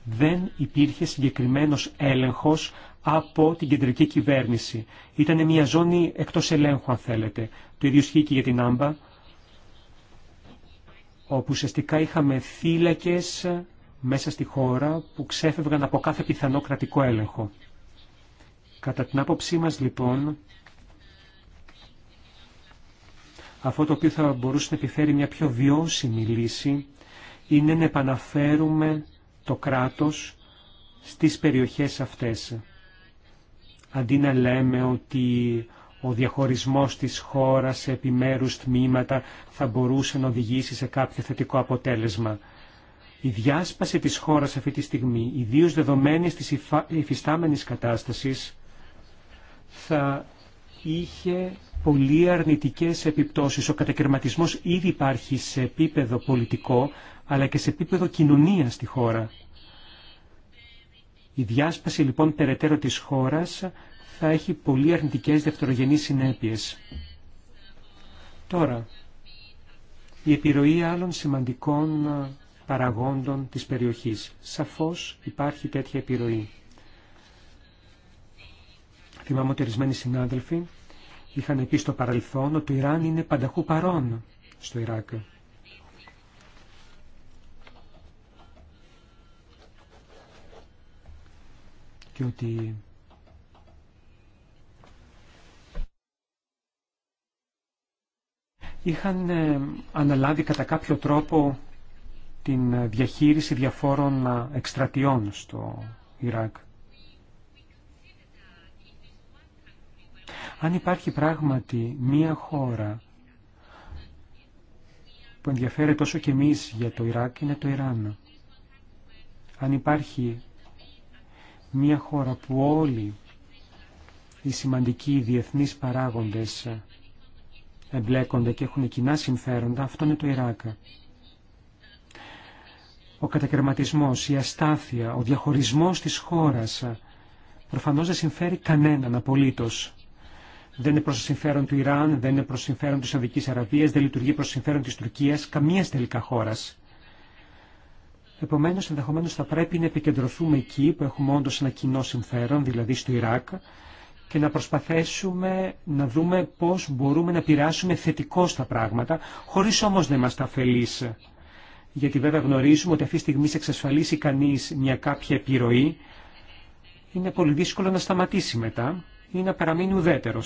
δεν υπήρχε συγκεκριμένος έλεγχος από την κεντρική κυβέρνηση. Ήταν μια ζώνη εκτός ελέγχου, αν θέλετε. Το ίδιο ισχύει και για την Άμπα, όπου ουσιαστικά είχαμε θύλακες μέσα στη χώρα που ξέφευγαν από κάθε πιθανό κρατικό έλεγχο. Κατά την άποψή μας, λοιπόν, αυτό το οποίο θα μπορούσε να επιφέρει μια πιο βιώσιμη λύση είναι να επαναφέρουμε το κράτος στις περιοχές αυτές αντί να λέμε ότι ο διαχωρισμός της χώρας σε επιμέρους τμήματα θα μπορούσε να οδηγήσει σε κάποιο θετικό αποτέλεσμα. Η διάσπαση της χώρας αυτή τη στιγμή, ιδίως δεδομένη της υφιστάμενης κατάστασης, θα είχε πολύ αρνητικές επιπτώσεις. Ο κατακαιρματισμός ήδη υπάρχει σε επίπεδο πολιτικό, αλλά και σε επίπεδο κοινωνία στη χώρα. Η διάσπαση λοιπόν περαιτέρω της χώρας θα έχει πολύ αρνητικές δευτερογενείς συνέπειες. Τώρα, η επιρροή άλλων σημαντικών παραγόντων της περιοχής. Σαφώς υπάρχει τέτοια επιρροή. Θυμάμαι ότι ορισμένοι συνάδελφοι είχαν πει στο παρελθόν ότι το Ιράν είναι πανταχού παρόν στο Ιράκ. και ότι είχαν ε, αναλάβει κατά κάποιο τρόπο την διαχείριση διαφόρων εκστρατιών στο Ιράκ. Αν υπάρχει πράγματι μία χώρα που ενδιαφέρεται τόσο και εμείς για το Ιράκ είναι το Ιράν. Αν υπάρχει μια χώρα που όλοι οι σημαντικοί διεθνείς παράγοντες εμπλέκονται και έχουν κοινά συμφέροντα, αυτό είναι το Ιράκ. Ο κατακαιρματισμός, η αστάθεια, ο διαχωρισμός της χώρας προφανώς δεν συμφέρει κανέναν απολύτως. Δεν είναι προ το συμφέρον του Ιράν, δεν είναι προ συμφέρον τη Σαουδική Αραβία, δεν λειτουργεί προ το συμφέρον τη Τουρκία, καμία τελικά χώρα. Επομένω, ενδεχομένω θα πρέπει να επικεντρωθούμε εκεί που έχουμε όντω ένα κοινό συμφέρον, δηλαδή στο Ιράκ, και να προσπαθήσουμε να δούμε πώ μπορούμε να πειράσουμε θετικώ τα πράγματα, χωρί όμω να είμαστε αφελεί. Γιατί βέβαια γνωρίζουμε ότι αυτή τη στιγμή σε εξασφαλίσει κανεί μια κάποια επιρροή, είναι πολύ δύσκολο να σταματήσει μετά ή να παραμείνει ουδέτερο.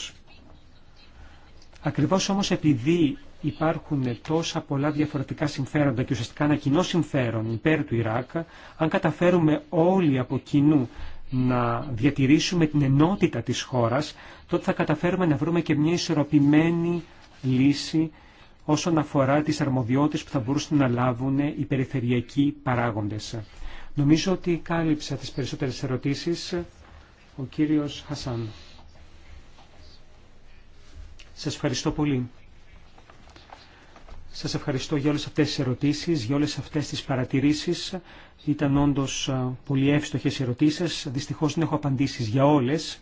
Ακριβώ όμω επειδή υπάρχουν τόσα πολλά διαφορετικά συμφέροντα και ουσιαστικά ένα κοινό συμφέρον υπέρ του Ιράκ, αν καταφέρουμε όλοι από κοινού να διατηρήσουμε την ενότητα της χώρας, τότε θα καταφέρουμε να βρούμε και μια ισορροπημένη λύση όσον αφορά τις αρμοδιότητες που θα μπορούσαν να λάβουν οι περιφερειακοί παράγοντες. Νομίζω ότι κάλυψα τις περισσότερες ερωτήσεις ο κύριος Χασάν. Σας ευχαριστώ πολύ. Σας ευχαριστώ για όλες αυτές τις ερωτήσεις, για όλες αυτές τις παρατηρήσεις. Ήταν όντως πολύ εύστοχες ερωτήσεις. Δυστυχώς δεν έχω απαντήσεις για όλες.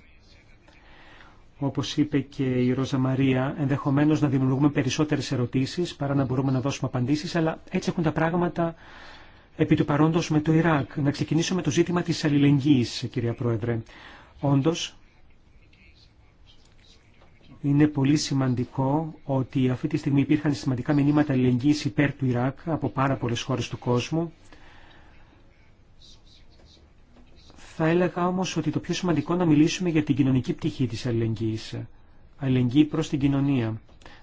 Όπως είπε και η Ρόζα Μαρία, ενδεχομένως να δημιουργούμε περισσότερες ερωτήσεις παρά να μπορούμε να δώσουμε απαντήσεις, αλλά έτσι έχουν τα πράγματα επί του παρόντος με το Ιράκ. Να ξεκινήσω με το ζήτημα της αλληλεγγύης, κυρία Πρόεδρε. Όντως, είναι πολύ σημαντικό ότι αυτή τη στιγμή υπήρχαν σημαντικά μηνύματα αλληλεγγύης υπέρ του Ιράκ από πάρα πολλές χώρες του κόσμου. Θα έλεγα όμως ότι το πιο σημαντικό να μιλήσουμε για την κοινωνική πτυχή της αλληλεγγύης. Αλληλεγγύη προς την κοινωνία.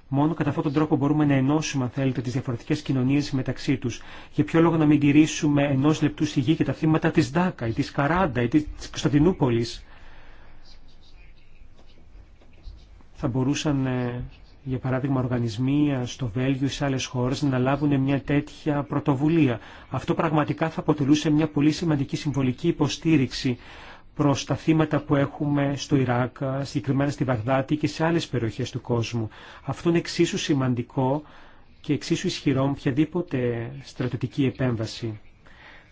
Μόνο κατά αυτόν τον τρόπο μπορούμε να ενώσουμε, αν θέλετε, τι διαφορετικέ κοινωνίε μεταξύ του. Για ποιο λόγο να μην τηρήσουμε ενό λεπτού στη γη και τα θύματα τη Δάκα ή τη Καράντα ή τη Κωνσταντινούπολη. Θα μπορούσαν, ε, για παράδειγμα, οργανισμοί ε, στο Βέλγιο ή σε άλλες χώρες να λάβουν μια τέτοια πρωτοβουλία. Αυτό πραγματικά θα αποτελούσε μια πολύ σημαντική συμβολική υποστήριξη προς τα θύματα που έχουμε στο Ιράκ, ε, συγκεκριμένα στη Βαγδάτη και σε άλλες περιοχές του κόσμου. Αυτό είναι εξίσου σημαντικό και εξίσου ισχυρό με οποιαδήποτε στρατιωτική επέμβαση.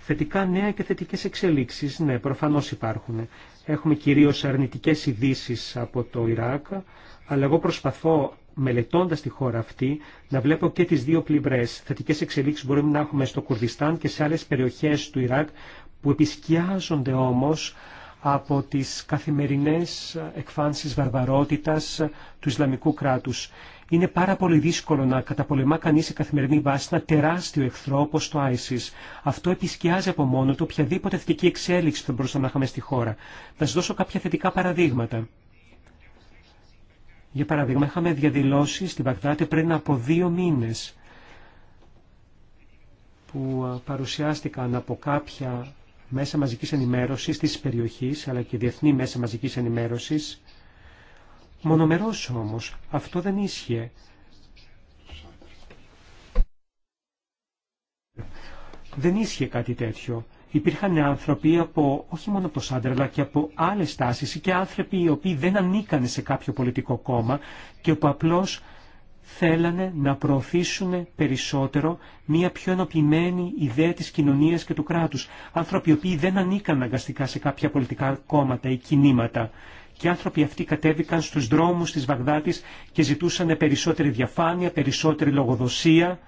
Θετικά νέα και θετικές εξελίξεις, ναι, προφανώς υπάρχουν. Έχουμε κυρίως αρνητικές ειδήσει από το Ιράκ, αλλά εγώ προσπαθώ μελετώντας τη χώρα αυτή να βλέπω και τις δύο πλευρές. Θετικές εξελίξεις μπορούμε να έχουμε στο Κουρδιστάν και σε άλλες περιοχές του Ιράκ που επισκιάζονται όμως από τις καθημερινές εκφάνσεις βαρβαρότητας του Ισλαμικού κράτους. Είναι πάρα πολύ δύσκολο να καταπολεμά κανείς σε καθημερινή βάση ένα τεράστιο εχθρό όπως το ISIS. Αυτό επισκιάζει από μόνο του οποιαδήποτε θετική εξέλιξη θα μπορούσαμε να είχαμε στη χώρα. Θα σα δώσω κάποια θετικά παραδείγματα. Για παράδειγμα, είχαμε διαδηλώσει στην Παγδάτη πριν από δύο μήνες που παρουσιάστηκαν από κάποια μέσα μαζικής ενημέρωσης της περιοχής αλλά και διεθνή μέσα μαζικής ενημέρωσης. Μονομερός όμως αυτό δεν ίσχυε. Δεν ίσχυε κάτι τέτοιο υπήρχαν άνθρωποι από, όχι μόνο από το Σάντερ, αλλά και από άλλες τάσεις και άνθρωποι οι οποίοι δεν ανήκαν σε κάποιο πολιτικό κόμμα και που απλώς θέλανε να προωθήσουν περισσότερο μια πιο ενωπημένη ιδέα της κοινωνίας και του κράτους. Άνθρωποι οι οποίοι δεν ανήκαν αγκαστικά σε κάποια πολιτικά κόμματα ή κινήματα. Και άνθρωποι αυτοί κατέβηκαν στους δρόμους της Βαγδάτης και ζητούσαν περισσότερη διαφάνεια, περισσότερη λογοδοσία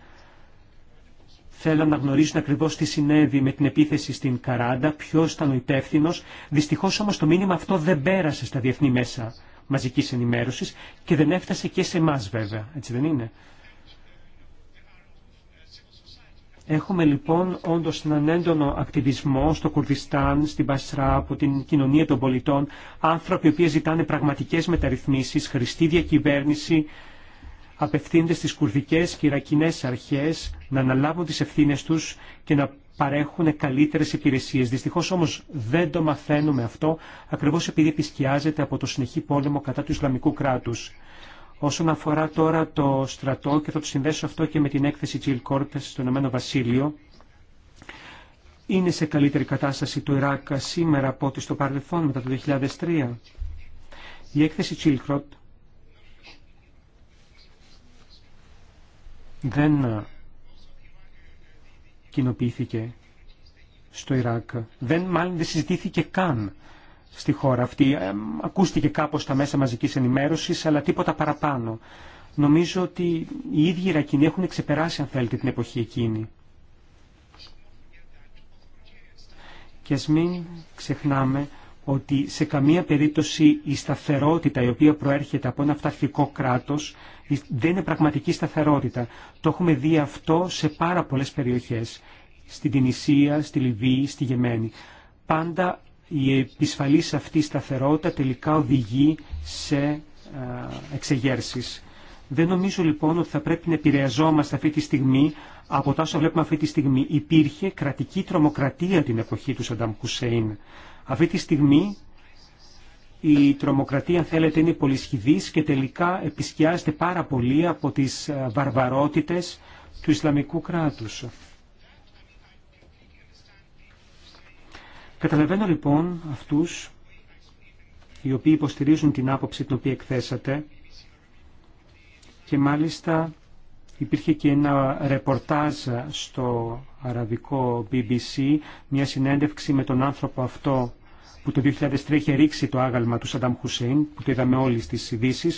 Θέλαν να γνωρίσουν ακριβώς τι συνέβη με την επίθεση στην Καράντα, ποιος ήταν ο υπεύθυνο. Δυστυχώς όμως το μήνυμα αυτό δεν πέρασε στα διεθνή μέσα μαζικής ενημέρωσης και δεν έφτασε και σε εμά βέβαια, έτσι δεν είναι. Έχουμε λοιπόν όντω έναν έντονο ακτιβισμό στο Κουρδιστάν, στην Πασρά, από την κοινωνία των πολιτών, άνθρωποι οι οποίοι ζητάνε πραγματικέ μεταρρυθμίσει, χρηστή διακυβέρνηση, απευθύνεται στις κουρδικές και ιρακινές αρχές να αναλάβουν τις ευθύνες τους και να παρέχουν καλύτερες υπηρεσίες. Δυστυχώς όμως δεν το μαθαίνουμε αυτό, ακριβώς επειδή επισκιάζεται από το συνεχή πόλεμο κατά του Ισλαμικού κράτους. Όσον αφορά τώρα το στρατό και θα το συνδέσω αυτό και με την έκθεση Τζιλ Κόρπτες στο Ηνωμένο Βασίλειο, είναι σε καλύτερη κατάσταση το Ιράκ σήμερα από ό,τι στο παρελθόν μετά το 2003. Η έκθεση δεν ε, κοινοποιήθηκε στο Ιράκ. Δεν, μάλλον δεν συζητήθηκε καν στη χώρα αυτή. Ε, ακούστηκε κάπως στα μέσα μαζικής ενημέρωσης, αλλά τίποτα παραπάνω. Νομίζω ότι οι ίδιοι Ιρακινοί έχουν ξεπεράσει, αν θέλετε, την εποχή εκείνη. Και ας μην ξεχνάμε ότι σε καμία περίπτωση η σταθερότητα η οποία προέρχεται από ένα αυταρχικό κράτος δεν είναι πραγματική σταθερότητα. Το έχουμε δει αυτό σε πάρα πολλές περιοχές. Στην Τινησία, στη Λιβύη, στη Γεμένη. Πάντα η επισφαλής αυτή σταθερότητα τελικά οδηγεί σε εξεγέρσεις. Δεν νομίζω λοιπόν ότι θα πρέπει να επηρεαζόμαστε αυτή τη στιγμή από τα όσα βλέπουμε αυτή τη στιγμή. Υπήρχε κρατική τρομοκρατία την εποχή του Σαντάμ Χουσέιν. Αυτή τη στιγμή η τρομοκρατία, αν θέλετε, είναι πολυσχηδής και τελικά επισκιάζεται πάρα πολύ από τις ε, βαρβαρότητες του Ισλαμικού κράτους. Καταλαβαίνω λοιπόν αυτούς οι οποίοι υποστηρίζουν την άποψη την οποία εκθέσατε και μάλιστα υπήρχε και ένα ρεπορτάζ στο αραβικό BBC, μια συνέντευξη με τον άνθρωπο αυτό που το 2003 είχε ρίξει το άγαλμα του Σαντάμ Χουσέιν, που το είδαμε όλοι στι ειδήσει,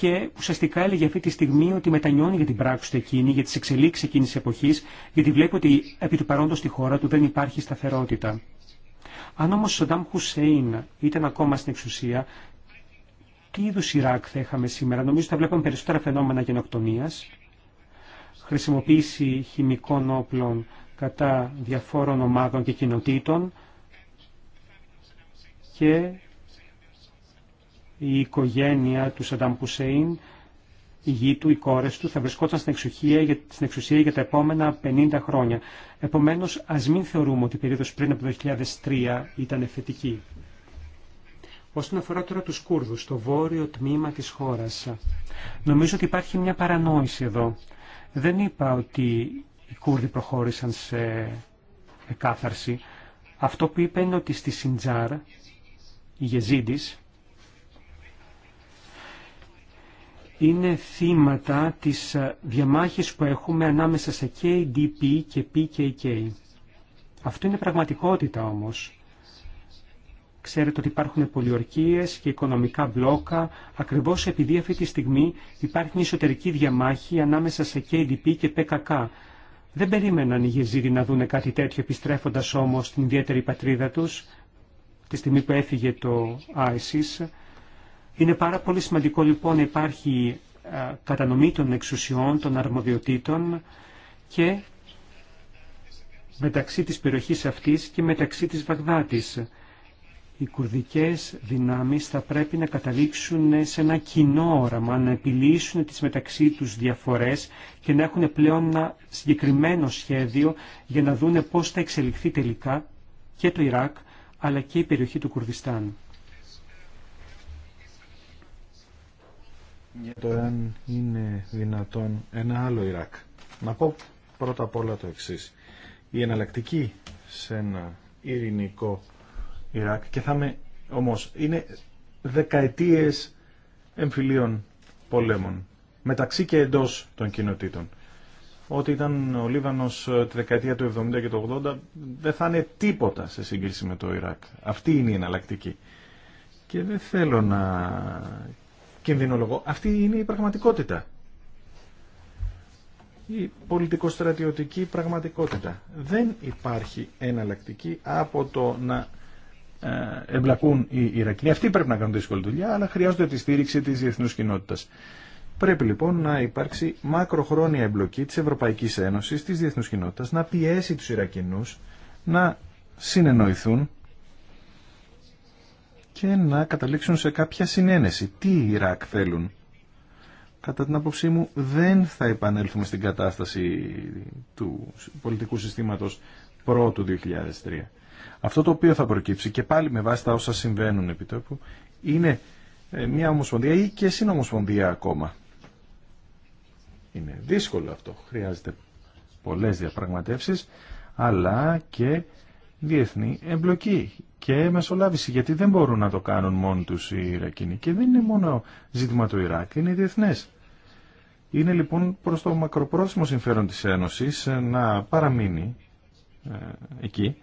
και ουσιαστικά έλεγε αυτή τη στιγμή ότι μετανιώνει για την πράξη του εκείνη, για τι εξελίξει εκείνη τη εποχή, γιατί βλέπει ότι επί του παρόντο στη χώρα του δεν υπάρχει σταθερότητα. Αν όμω ο Σαντάμ Χουσέιν ήταν ακόμα στην εξουσία, τι είδου Ιράκ θα είχαμε σήμερα. Νομίζω θα βλέπουμε περισσότερα φαινόμενα γενοκτονία, χρησιμοποίηση χημικών όπλων κατά διαφόρων ομάδων και κοινοτήτων, και η οικογένεια του Σαντάμ Χουσέιν, η γη του, οι κόρε του, θα βρισκόταν στην εξουσία, στην για τα επόμενα 50 χρόνια. Επομένω, α μην θεωρούμε ότι η περίοδο πριν από το 2003 ήταν εφετική. Όσον αφορά τώρα τους Κούρδους, το βόρειο τμήμα της χώρας, νομίζω ότι υπάρχει μια παρανόηση εδώ. Δεν είπα ότι οι Κούρδοι προχώρησαν σε εκάθαρση. Αυτό που είπα είναι ότι στη Σιντζάρ οι Γεζίντις, είναι θύματα της ε, διαμάχης που έχουμε ανάμεσα σε KDP και PKK. Αυτό είναι πραγματικότητα όμως. Ξέρετε ότι υπάρχουν πολιορκίες και οικονομικά μπλόκα, ακριβώς επειδή αυτή τη στιγμή υπάρχει μια εσωτερική διαμάχη ανάμεσα σε KDP και PKK. Δεν περίμεναν οι Γεζίδοι να δούνε κάτι τέτοιο επιστρέφοντας όμως στην ιδιαίτερη πατρίδα τους τη στιγμή που έφυγε το ISIS. Είναι πάρα πολύ σημαντικό λοιπόν να υπάρχει ε, κατανομή των εξουσιών, των αρμοδιοτήτων και μεταξύ της περιοχής αυτής και μεταξύ της Βαγδάτης. Οι κουρδικές δυνάμεις θα πρέπει να καταλήξουν σε ένα κοινό όραμα, να επιλύσουν τις μεταξύ τους διαφορές και να έχουν πλέον ένα συγκεκριμένο σχέδιο για να δούνε πώς θα εξελιχθεί τελικά και το Ιράκ αλλά και η περιοχή του Κουρδιστάν. Για το αν είναι δυνατόν ένα άλλο Ιράκ. Να πω πρώτα απ' όλα το εξή. Η εναλλακτική σε ένα ειρηνικό Ιράκ και θα με όμως είναι δεκαετίες εμφυλίων πολέμων μεταξύ και εντός των κοινοτήτων ότι ήταν ο Λίβανος ε, τη δεκαετία του 70 και του 80 δεν θα είναι τίποτα σε σύγκριση με το Ιράκ. Αυτή είναι η εναλλακτική. Και δεν θέλω να κινδυνολογώ. Αυτή είναι η πραγματικότητα. Η πολιτικοστρατιωτική πραγματικότητα. Δεν υπάρχει εναλλακτική από το να ε, εμπλακούν οι Ιρακινοί. Αυτοί πρέπει να κάνουν δύσκολη δουλειά, αλλά χρειάζονται τη στήριξη της διεθνούς κοινότητας. Πρέπει λοιπόν να υπάρξει μακροχρόνια εμπλοκή της Ευρωπαϊκής Ένωσης, της διεθνούς κοινότητας, να πιέσει τους Ιρακινούς να συνεννοηθούν και να καταλήξουν σε κάποια συνένεση. Τι οι Ιράκ θέλουν. Κατά την άποψή μου δεν θα επανέλθουμε στην κατάσταση του πολιτικού συστήματος πρώτου 2003. Αυτό το οποίο θα προκύψει και πάλι με βάση τα όσα συμβαίνουν επί είναι ε, μια ομοσπονδία ή και συνομοσπονδία ακόμα. Είναι δύσκολο αυτό. Χρειάζεται πολλές διαπραγματεύσεις, αλλά και διεθνή εμπλοκή και μεσολάβηση, γιατί δεν μπορούν να το κάνουν μόνοι τους οι Ιρακινοί. Και δεν είναι μόνο ζήτημα του Ιράκ, είναι διεθνές. Είναι λοιπόν προς το μακροπρόθεσμο συμφέρον της Ένωσης ε, να παραμείνει ε, εκεί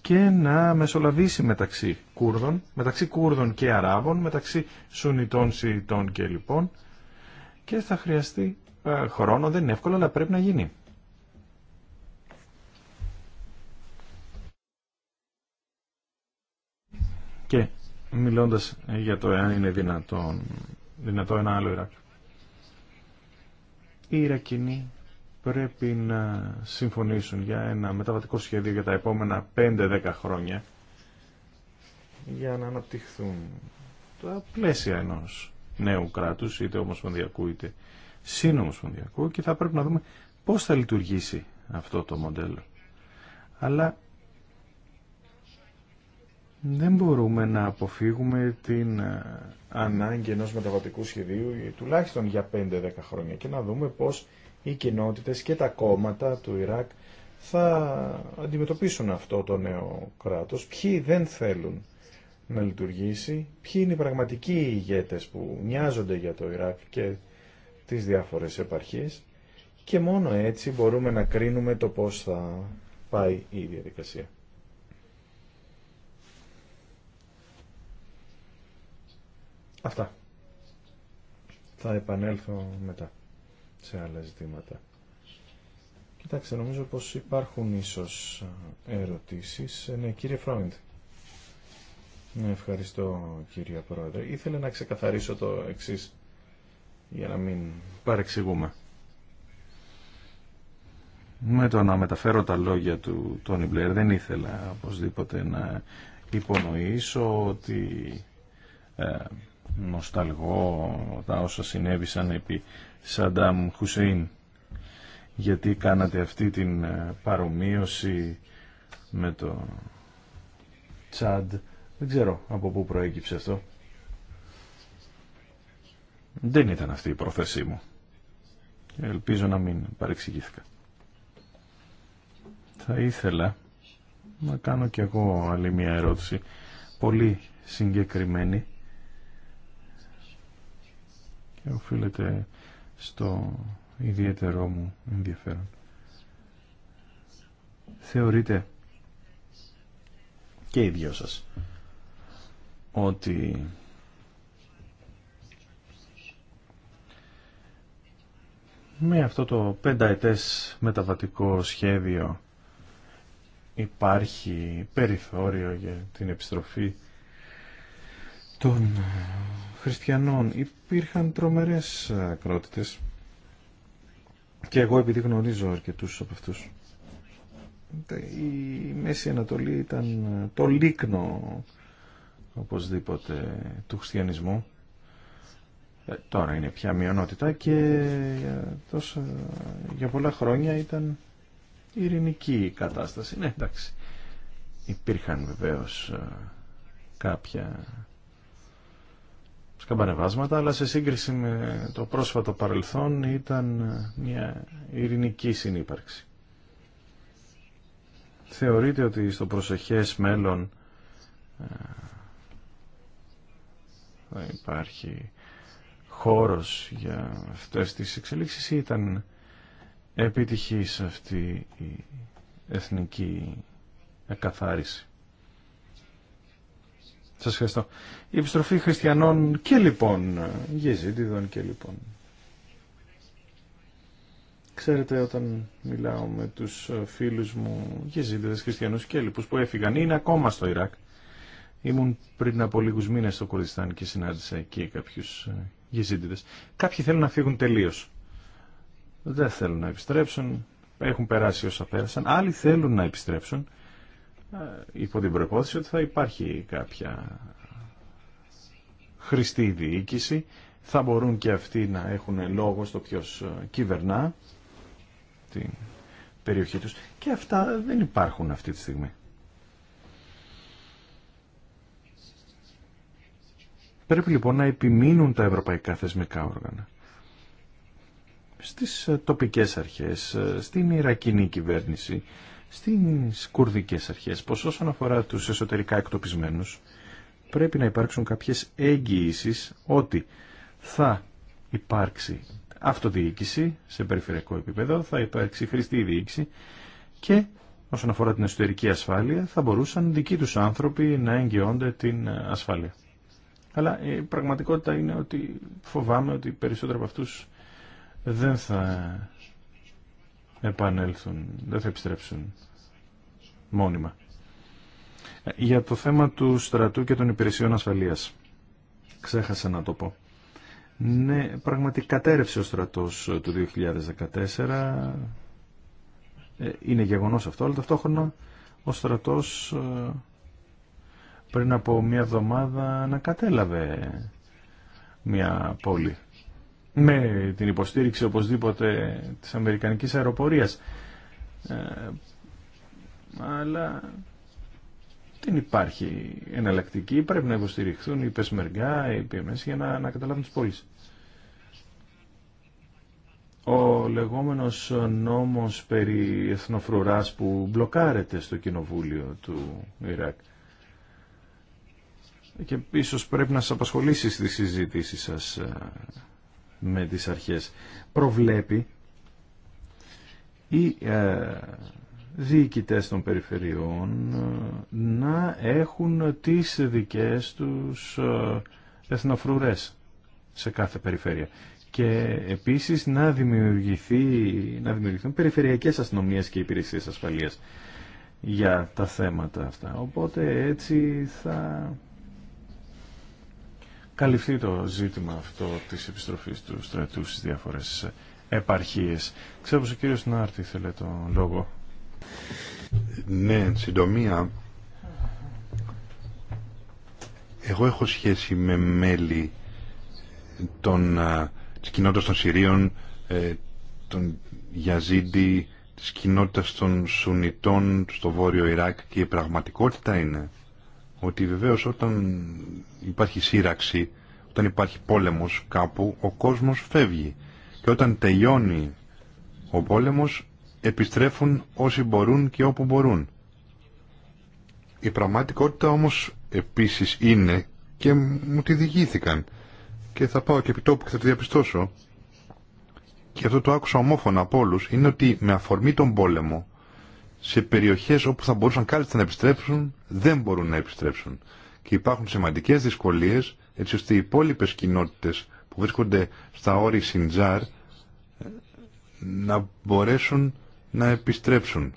και να μεσολαβήσει μεταξύ Κούρδων, μεταξύ Κούρδων και Αράβων, μεταξύ Σουνιτών, Σιητών και λοιπόν και θα χρειαστεί ε, χρόνο, δεν είναι εύκολο, αλλά πρέπει να γίνει. Και μιλώντας για το εάν είναι δυνατό, δυνατό ένα άλλο Ιράκ. Οι Ιρακινοί πρέπει να συμφωνήσουν για ένα μεταβατικό σχέδιο για τα επόμενα 5-10 χρόνια για να αναπτυχθούν τα πλαίσια ενός νέου κράτους, είτε ομοσπονδιακού είτε συνομοσπονδιακού και θα πρέπει να δούμε πώς θα λειτουργήσει αυτό το μοντέλο. Αλλά δεν μπορούμε να αποφύγουμε την ε, ανάγκη ενός μεταβατικού σχεδίου τουλάχιστον για 5-10 χρόνια και να δούμε πώς οι κοινότητες και τα κόμματα του Ιράκ θα αντιμετωπίσουν αυτό το νέο κράτος, ποιοι δεν θέλουν να λειτουργήσει, ποιοι είναι οι πραγματικοί ηγέτες που νοιάζονται για το Ιράκ και τις διάφορες επαρχίες και μόνο έτσι μπορούμε να κρίνουμε το πώς θα πάει η διαδικασία. Αυτά. Θα επανέλθω μετά σε άλλα ζητήματα. Κοιτάξτε, νομίζω πως υπάρχουν ίσως ερωτήσεις. Ε, ναι, κύριε Φρόιντ. Ναι, ευχαριστώ κύριε Πρόεδρε. Ήθελα να ξεκαθαρίσω το εξής για να μην παρεξηγούμε. Με το να μεταφέρω τα λόγια του Τόνι Μπλερ δεν ήθελα οπωσδήποτε να υπονοήσω ότι ε, νοσταλγώ τα όσα συνέβησαν επί Σαντάμ Χουσέιν γιατί κάνατε αυτή την ε, παρομοίωση με το Τσάντ δεν ξέρω από πού προέκυψε αυτό δεν ήταν αυτή η πρόθεσή μου. Ελπίζω να μην παρεξηγήθηκα. Θα ήθελα να κάνω κι εγώ άλλη μια ερώτηση πολύ συγκεκριμένη και οφείλεται στο ιδιαίτερό μου ενδιαφέρον. Θεωρείτε και οι δυο σας ότι με αυτό το πενταετές μεταβατικό σχέδιο υπάρχει περιθώριο για την επιστροφή των ε, χριστιανών. Υπήρχαν τρομερές ακρότητες και εγώ επειδή γνωρίζω αρκετούς από αυτούς. Η Μέση Ανατολή ήταν το λίκνο οπωσδήποτε του χριστιανισμού ε, τώρα είναι πια μειονότητα και ε, τόσο για πολλά χρόνια ήταν ειρηνική η κατάσταση. Ναι, εντάξει. Υπήρχαν βεβαίως ε, κάποια σκαμπανεβάσματα, αλλά σε σύγκριση με το πρόσφατο παρελθόν ήταν μια ειρηνική συνύπαρξη. Θεωρείτε ότι στο προσεχές μέλλον θα υπάρχει χώρος για αυτές τις εξελίξεις ή ήταν επιτυχής αυτή η εθνική εκαθάριση. Σας ευχαριστώ. Η επιστροφή χριστιανών και λοιπόν, γεζίτιδων και λοιπόν. Ξέρετε όταν μιλάω με τους φίλους μου γεζίτιδες χριστιανούς και λοιπούς που έφυγαν είναι ακόμα στο Ιράκ. Ήμουν πριν από λίγου μήνε στο Κουρδιστάν και συνάντησα εκεί κάποιου ε, γεζίτιδε. Κάποιοι θέλουν να φύγουν τελείω, Δεν θέλουν να επιστρέψουν, έχουν περάσει όσα πέρασαν. Άλλοι θέλουν να επιστρέψουν ε, υπό την προπόθεση ότι θα υπάρχει κάποια χρηστή διοίκηση. Θα μπορούν και αυτοί να έχουν λόγο στο ποιο ε, κυβερνά την περιοχή τους. Και αυτά δεν υπάρχουν αυτή τη στιγμή. Πρέπει λοιπόν να επιμείνουν τα ευρωπαϊκά θεσμικά όργανα στις ε, τοπικές αρχές, ε, στην Ιρακινή κυβέρνηση, στις κουρδικές αρχές, πως όσον αφορά τους εσωτερικά εκτοπισμένους, πρέπει να υπάρξουν κάποιες εγγυήσει ότι θα υπάρξει αυτοδιοίκηση σε περιφερειακό επίπεδο, θα υπάρξει χρηστή διοίκηση και όσον αφορά την εσωτερική ασφάλεια θα μπορούσαν δικοί τους άνθρωποι να εγγυώνται την ε, ασφάλεια. Αλλά η πραγματικότητα είναι ότι φοβάμαι ότι περισσότεροι από αυτούς δεν θα επανέλθουν, δεν θα επιστρέψουν μόνιμα. Ε, για το θέμα του στρατού και των υπηρεσιών ασφαλείας. Ξέχασα να το πω. Ναι, πραγματικά κατέρευσε ο στρατός ε, του 2014. Ε, είναι γεγονός αυτό, αλλά ταυτόχρονα ο στρατός πριν από μια εβδομάδα κατέλαβε μια πόλη με την υποστήριξη οπωσδήποτε της Αμερικανικής αεροπορίας. Ε, αλλά δεν υπάρχει εναλλακτική. Πρέπει να υποστηριχθούν οι Πεσμεργά, οι PMS για να, να καταλάβουν τις πόλεις. Ο λεγόμενος νόμος περί εθνοφρουράς που μπλοκάρεται στο κοινοβούλιο του Ιράκ και ίσως πρέπει να σας απασχολήσει στη συζήτηση σας ε, με τις αρχές. Προβλέπει οι ε, διοικητές των περιφερειών ε, να έχουν τις δικές τους εθνοφρουρές σε κάθε περιφέρεια και επίσης να, δημιουργηθεί, να δημιουργηθούν περιφερειακές αστυνομίες και υπηρεσίες ασφαλείας για τα θέματα αυτά. Οπότε έτσι θα καλυφθεί το ζήτημα αυτό της επιστροφής του στρατού στις διάφορες επαρχίες. Ξέρω πως ο κύριος Νάρτη ήθελε τον λόγο. Ναι, συντομία. Εγώ έχω σχέση με μέλη των, της κοινότητας των Συρίων, ε, των Γιαζίντι, της κοινότητας των Σουνιτών στο Βόρειο Ιράκ και η πραγματικότητα είναι ότι βεβαίως όταν υπάρχει σύραξη, όταν υπάρχει πόλεμος κάπου, ο κόσμος φεύγει. Και όταν τελειώνει ο πόλεμος, επιστρέφουν όσοι μπορούν και όπου μπορούν. Η πραγματικότητα όμως επίσης είναι και μου τη διηγήθηκαν και θα πάω και επί τόπου και θα τη διαπιστώσω και αυτό το άκουσα ομόφωνα από όλους είναι ότι με αφορμή τον πόλεμο σε περιοχές όπου θα μπορούσαν κάλλιστα να επιστρέψουν, δεν μπορούν να επιστρέψουν. Και υπάρχουν σημαντικές δυσκολίες, έτσι ώστε οι υπόλοιπε κοινότητες που βρίσκονται στα όρη Σιντζάρ να μπορέσουν να επιστρέψουν.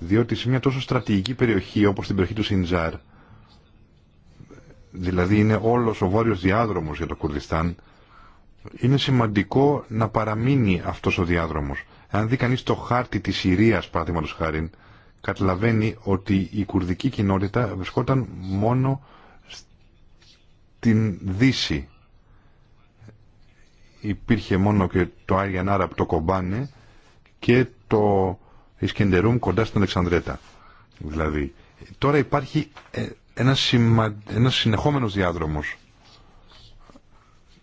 Διότι σε μια τόσο στρατηγική περιοχή όπως την περιοχή του Σιντζάρ, δηλαδή είναι όλος ο βόρειος διάδρομος για το Κουρδιστάν, είναι σημαντικό να παραμείνει αυτός ο διάδρομος. Αν δει κανείς το χάρτη της Συρίας, παραδείγματος χάρη, καταλαβαίνει ότι η κουρδική κοινότητα βρισκόταν μόνο στην Δύση. Υπήρχε μόνο και το Άριαν Άραπ, το Κομπάνε και το Ισκεντερούμ κοντά στην Αλεξανδρέτα. Δηλαδή, τώρα υπάρχει ε, ένα σημα... ένας συνεχόμενος διάδρομος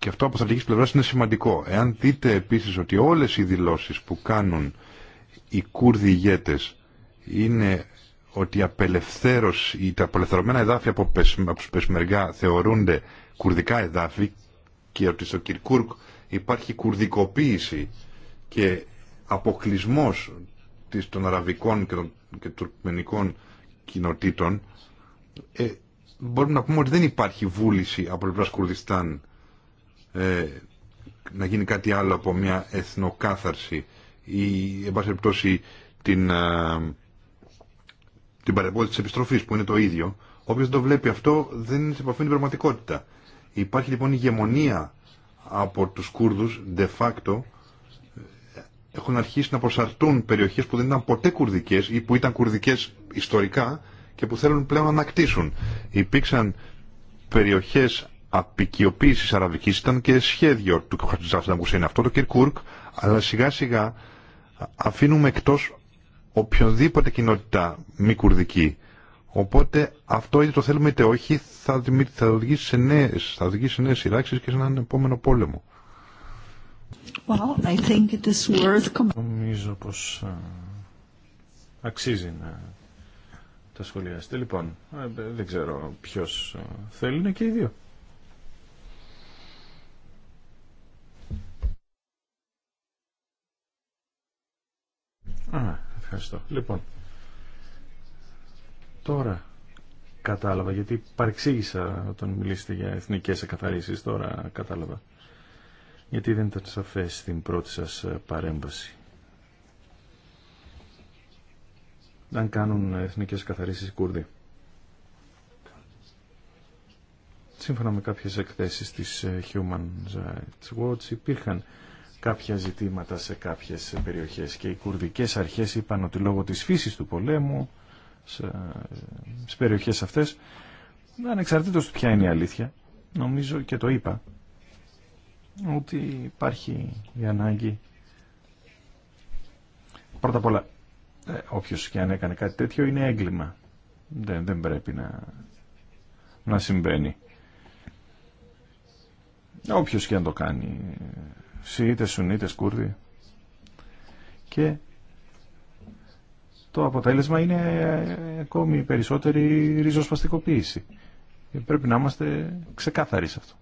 και αυτό από στρατηγική πλευρά είναι σημαντικό. Εάν δείτε επίση ότι όλε οι δηλώσει που κάνουν οι Κούρδοι ηγέτε είναι ότι απελευθέρωση, τα απελευθερωμένα εδάφη από, πεσ, Πεσμεργά θεωρούνται κουρδικά εδάφη και ότι στο Κυρκούρκ υπάρχει κουρδικοποίηση και αποκλεισμό των αραβικών και των τουρκμενικών κοινοτήτων ε, μπορούμε να πούμε ότι δεν υπάρχει βούληση από πλευρά Κουρδιστάν ε, να γίνει κάτι άλλο από μια εθνοκάθαρση ή εν την, ε, την παρεμπόδια της επιστροφής που είναι το ίδιο όποιος δεν το βλέπει αυτό δεν είναι σε επαφή με την πραγματικότητα υπάρχει λοιπόν ηγεμονία από τους Κούρδους de facto έχουν αρχίσει να προσαρτούν περιοχές που δεν ήταν ποτέ κουρδικές ή που ήταν κουρδικές ιστορικά και που θέλουν πλέον να ανακτήσουν. Υπήρξαν περιοχές απικιοποίηση αραβικής ήταν και σχέδιο του να είναι αυτό το Κυρκούρκ αλλά σιγά σιγά αφήνουμε εκτός οποιοδήποτε κοινότητα μη κουρδική οπότε αυτό είτε το θέλουμε είτε όχι θα, θα οδηγήσει σε νέες, θα οδηγήσει σε νέες σειράξεις και σε έναν επόμενο πόλεμο well, I think it is worth... Νομίζω πως ε, αξίζει να τα σχολιάσετε. Λοιπόν, ε, δεν ξέρω ποιος ε, θέλει, είναι και οι δύο. Α, ευχαριστώ. Λοιπόν, τώρα κατάλαβα, γιατί παρεξήγησα όταν μιλήσετε για εθνικές εκαθαρίσεις, τώρα κατάλαβα. Γιατί δεν ήταν σαφές στην πρώτη σας παρέμβαση. Αν κάνουν εθνικές καθαρίσεις οι Κούρδοι. Σύμφωνα με κάποιες εκθέσεις της Human Rights Watch υπήρχαν κάποια ζητήματα σε κάποιες περιοχές και οι κουρδικές αρχές είπαν ότι λόγω της φύσης του πολέμου σε περιοχές αυτές ανεξαρτήτως του ποια είναι η αλήθεια νομίζω και το είπα ότι υπάρχει η ανάγκη πρώτα απ' όλα ε, όποιος και αν έκανε κάτι τέτοιο είναι έγκλημα δεν, δεν πρέπει να να συμβαίνει όποιος και αν το κάνει ε, Σιήτες, Σουνίτες, Κούρδοι. Και το αποτέλεσμα είναι ακόμη περισσότερη ριζοσπαστικοποίηση. Πρέπει να είμαστε ξεκάθαροι σε αυτό.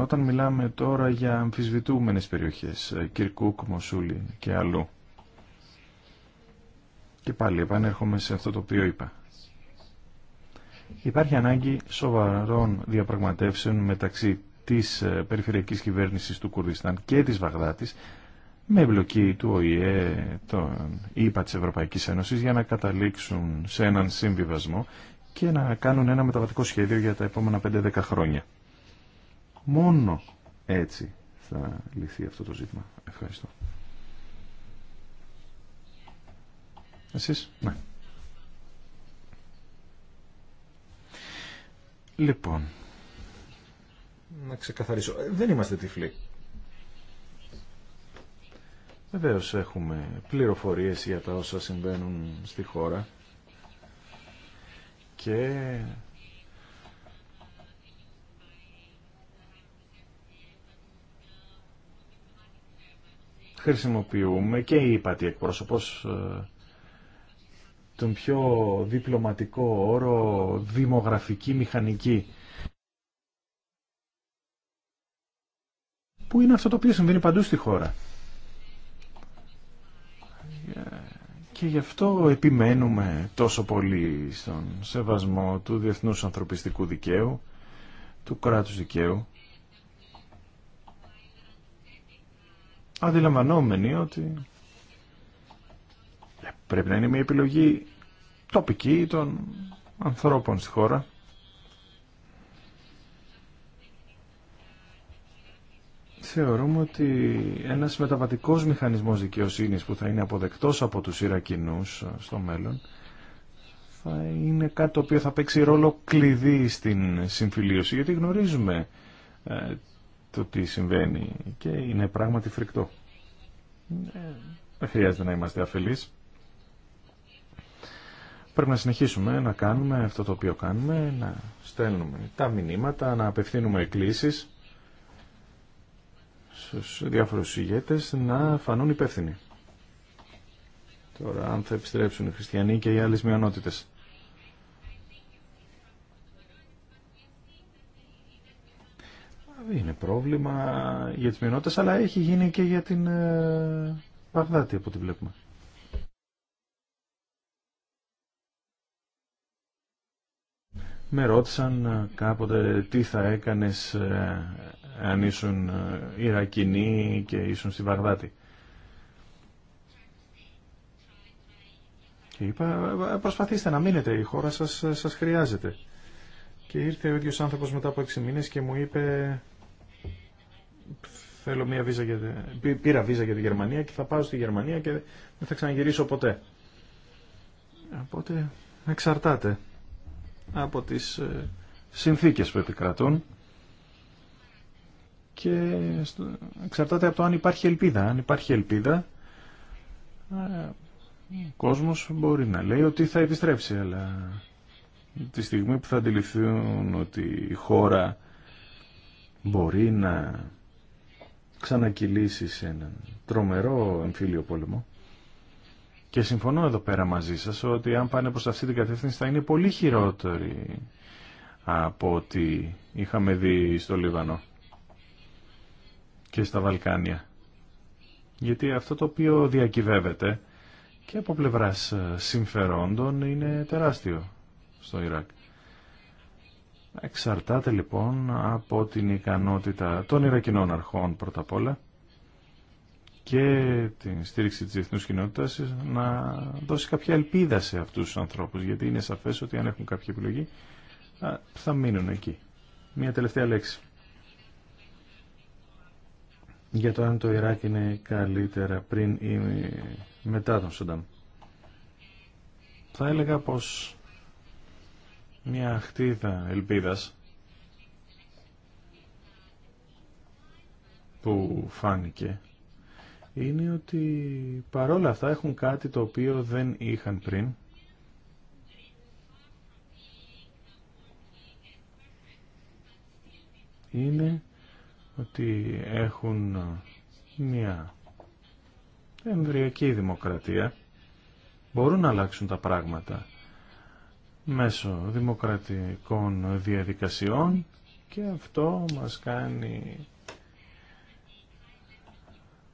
Όταν μιλάμε τώρα για αμφισβητούμενες περιοχές, Κυρκούκ, Μοσούλη και αλλού, και πάλι επανέρχομαι σε αυτό το οποίο είπα. Υπάρχει ανάγκη σοβαρών διαπραγματεύσεων μεταξύ της ε, περιφερειακής κυβέρνησης του Κουρδιστάν και της Βαγδάτης με εμπλοκή του ΟΗΕ, των ΙΠΑ της Ευρωπαϊκής Ένωσης για να καταλήξουν σε έναν συμβιβασμό και να κάνουν ένα μεταβατικό σχέδιο για τα επόμενα 5-10 χρόνια. Μόνο έτσι θα λυθεί αυτό το ζήτημα. Ευχαριστώ. Εσείς, ναι. Λοιπόν, να ξεκαθαρίσω. Ε, δεν είμαστε τυφλοί. Βεβαίως έχουμε πληροφορίες για τα όσα συμβαίνουν στη χώρα και χρησιμοποιούμε και η υπατή εκπρόσωπος ε, τον πιο διπλωματικό όρο δημογραφική μηχανική που είναι αυτό το οποίο συμβαίνει παντού στη χώρα. Και γι' αυτό επιμένουμε τόσο πολύ στον σεβασμό του διεθνούς ανθρωπιστικού δικαίου, του κράτους δικαίου, αντιλαμβανόμενοι ότι πρέπει να είναι μια επιλογή τοπική των ανθρώπων στη χώρα θεωρούμε ότι ένας μεταβατικός μηχανισμός δικαιοσύνης που θα είναι αποδεκτός από τους Ιρακινούς ε, στο μέλλον θα είναι κάτι το οποίο θα παίξει ρόλο κλειδί στην συμφιλίωση γιατί γνωρίζουμε ε, το τι συμβαίνει και είναι πράγματι φρικτό. Ε, δεν χρειάζεται να είμαστε αφελείς. Πρέπει να συνεχίσουμε να κάνουμε αυτό το οποίο κάνουμε, να στέλνουμε τα μηνύματα, να απευθύνουμε εκκλήσεις στους διάφορους ηγέτες να φανούν υπεύθυνοι. Τώρα, αν θα επιστρέψουν οι χριστιανοί και οι άλλες μειονότητες. Είναι πρόβλημα για τις μειονότητες, αλλά έχει γίνει και για την Παγδάτη ε, από ό,τι βλέπουμε. Με ρώτησαν ε, κάποτε τι θα έκανες ε, αν ήσουν ε, Ιρακινοί και ήσουν στη Βαγδάτη. Και είπα, «Ε, ε, προσπαθήστε να μείνετε, η χώρα σας, σας χρειάζεται. Και ήρθε ο ίδιος άνθρωπος μετά από έξι μήνες και μου είπε θέλω μια βίζα για... πήρα βίζα για τη Γερμανία και θα πάω στη Γερμανία και δεν θα ξαναγυρίσω ποτέ. Οπότε εξαρτάται από τις συνθήκες που επικρατούν και εξαρτάται από το αν υπάρχει ελπίδα. Αν υπάρχει ελπίδα, ε, ο κόσμος μπορεί να λέει ότι θα επιστρέψει, αλλά τη στιγμή που θα αντιληφθούν ότι η χώρα μπορεί να ξανακυλήσει σε έναν τρομερό εμφύλιο πόλεμο, και συμφωνώ εδώ πέρα μαζί σας ότι αν πάνε προς αυτή την κατεύθυνση θα είναι πολύ χειρότεροι από ό,τι είχαμε δει στο Λίβανο και στα Βαλκάνια. Γιατί αυτό το οποίο διακυβεύεται και από πλευράς ε, συμφερόντων είναι τεράστιο στο Ιράκ. Εξαρτάται λοιπόν από την ικανότητα των Ιρακινών αρχών πρώτα απ' όλα και την στήριξη της διεθνούς κοινότητας να δώσει κάποια ελπίδα σε αυτούς τους ανθρώπους γιατί είναι σαφές ότι αν έχουν κάποια επιλογή θα μείνουν εκεί. Μια τελευταία λέξη για το αν το Ιράκ είναι καλύτερα πριν ή μετά τον Σαντάμ. Θα έλεγα πως μια χτίδα ελπίδας που φάνηκε είναι ότι παρόλα αυτά έχουν κάτι το οποίο δεν είχαν πριν είναι ότι έχουν μια εμβριακή δημοκρατία μπορούν να αλλάξουν τα πράγματα μέσω δημοκρατικών διαδικασιών και αυτό μας κάνει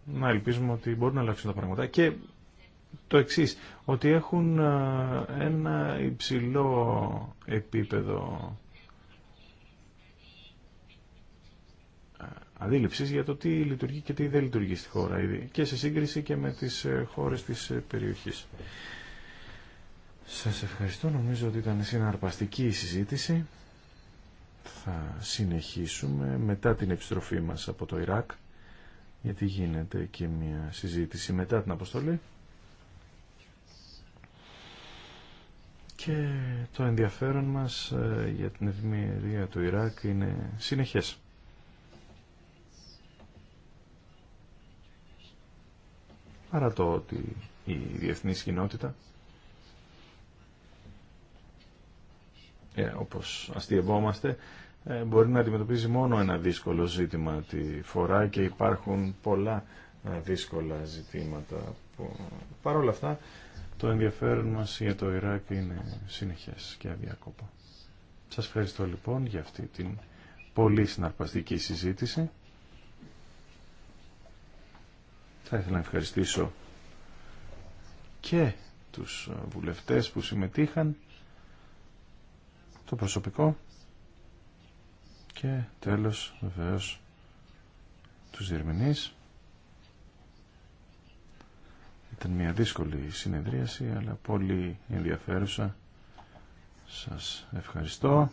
να ελπίζουμε ότι μπορούν να αλλάξουν τα πράγματα. Και το εξής, ότι έχουν ε, ένα υψηλό επίπεδο για το τι λειτουργεί και τι δεν λειτουργεί στη χώρα και σε σύγκριση και με τις ε, χώρες της ε, περιοχής. Σας ευχαριστώ. Νομίζω ότι ήταν συναρπαστική η συζήτηση. Θα συνεχίσουμε μετά την επιστροφή μας από το Ιράκ γιατί γίνεται και μια συζήτηση μετά την αποστολή. Και το ενδιαφέρον μας ε, για την ευημερία του Ιράκ είναι συνεχές. παρά το ότι η διεθνή κοινότητα ε, όπως αστειευόμαστε ε, μπορεί να αντιμετωπίζει μόνο ένα δύσκολο ζήτημα τη φορά και υπάρχουν πολλά ε, δύσκολα ζητήματα που... αυτά το ενδιαφέρον μας για το Ιράκ είναι συνεχές και αδιακόπα. Σας ευχαριστώ λοιπόν για αυτή την πολύ συναρπαστική συζήτηση. Θα ήθελα να ευχαριστήσω και τους βουλευτές που συμμετείχαν, το προσωπικό και τέλος βεβαίω τους διερμηνείς. Ήταν μια δύσκολη συνεδρίαση αλλά πολύ ενδιαφέρουσα. Σας ευχαριστώ.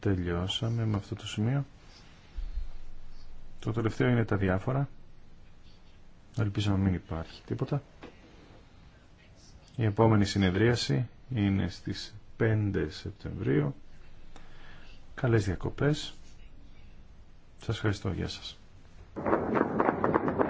Τελειώσαμε με αυτό το σημείο. Το τελευταίο είναι τα διάφορα. Ελπίζω να μην υπάρχει τίποτα. Η επόμενη συνεδρίαση είναι στις 5 Σεπτεμβρίου. Καλές διακοπές. Σας ευχαριστώ. Γεια σας.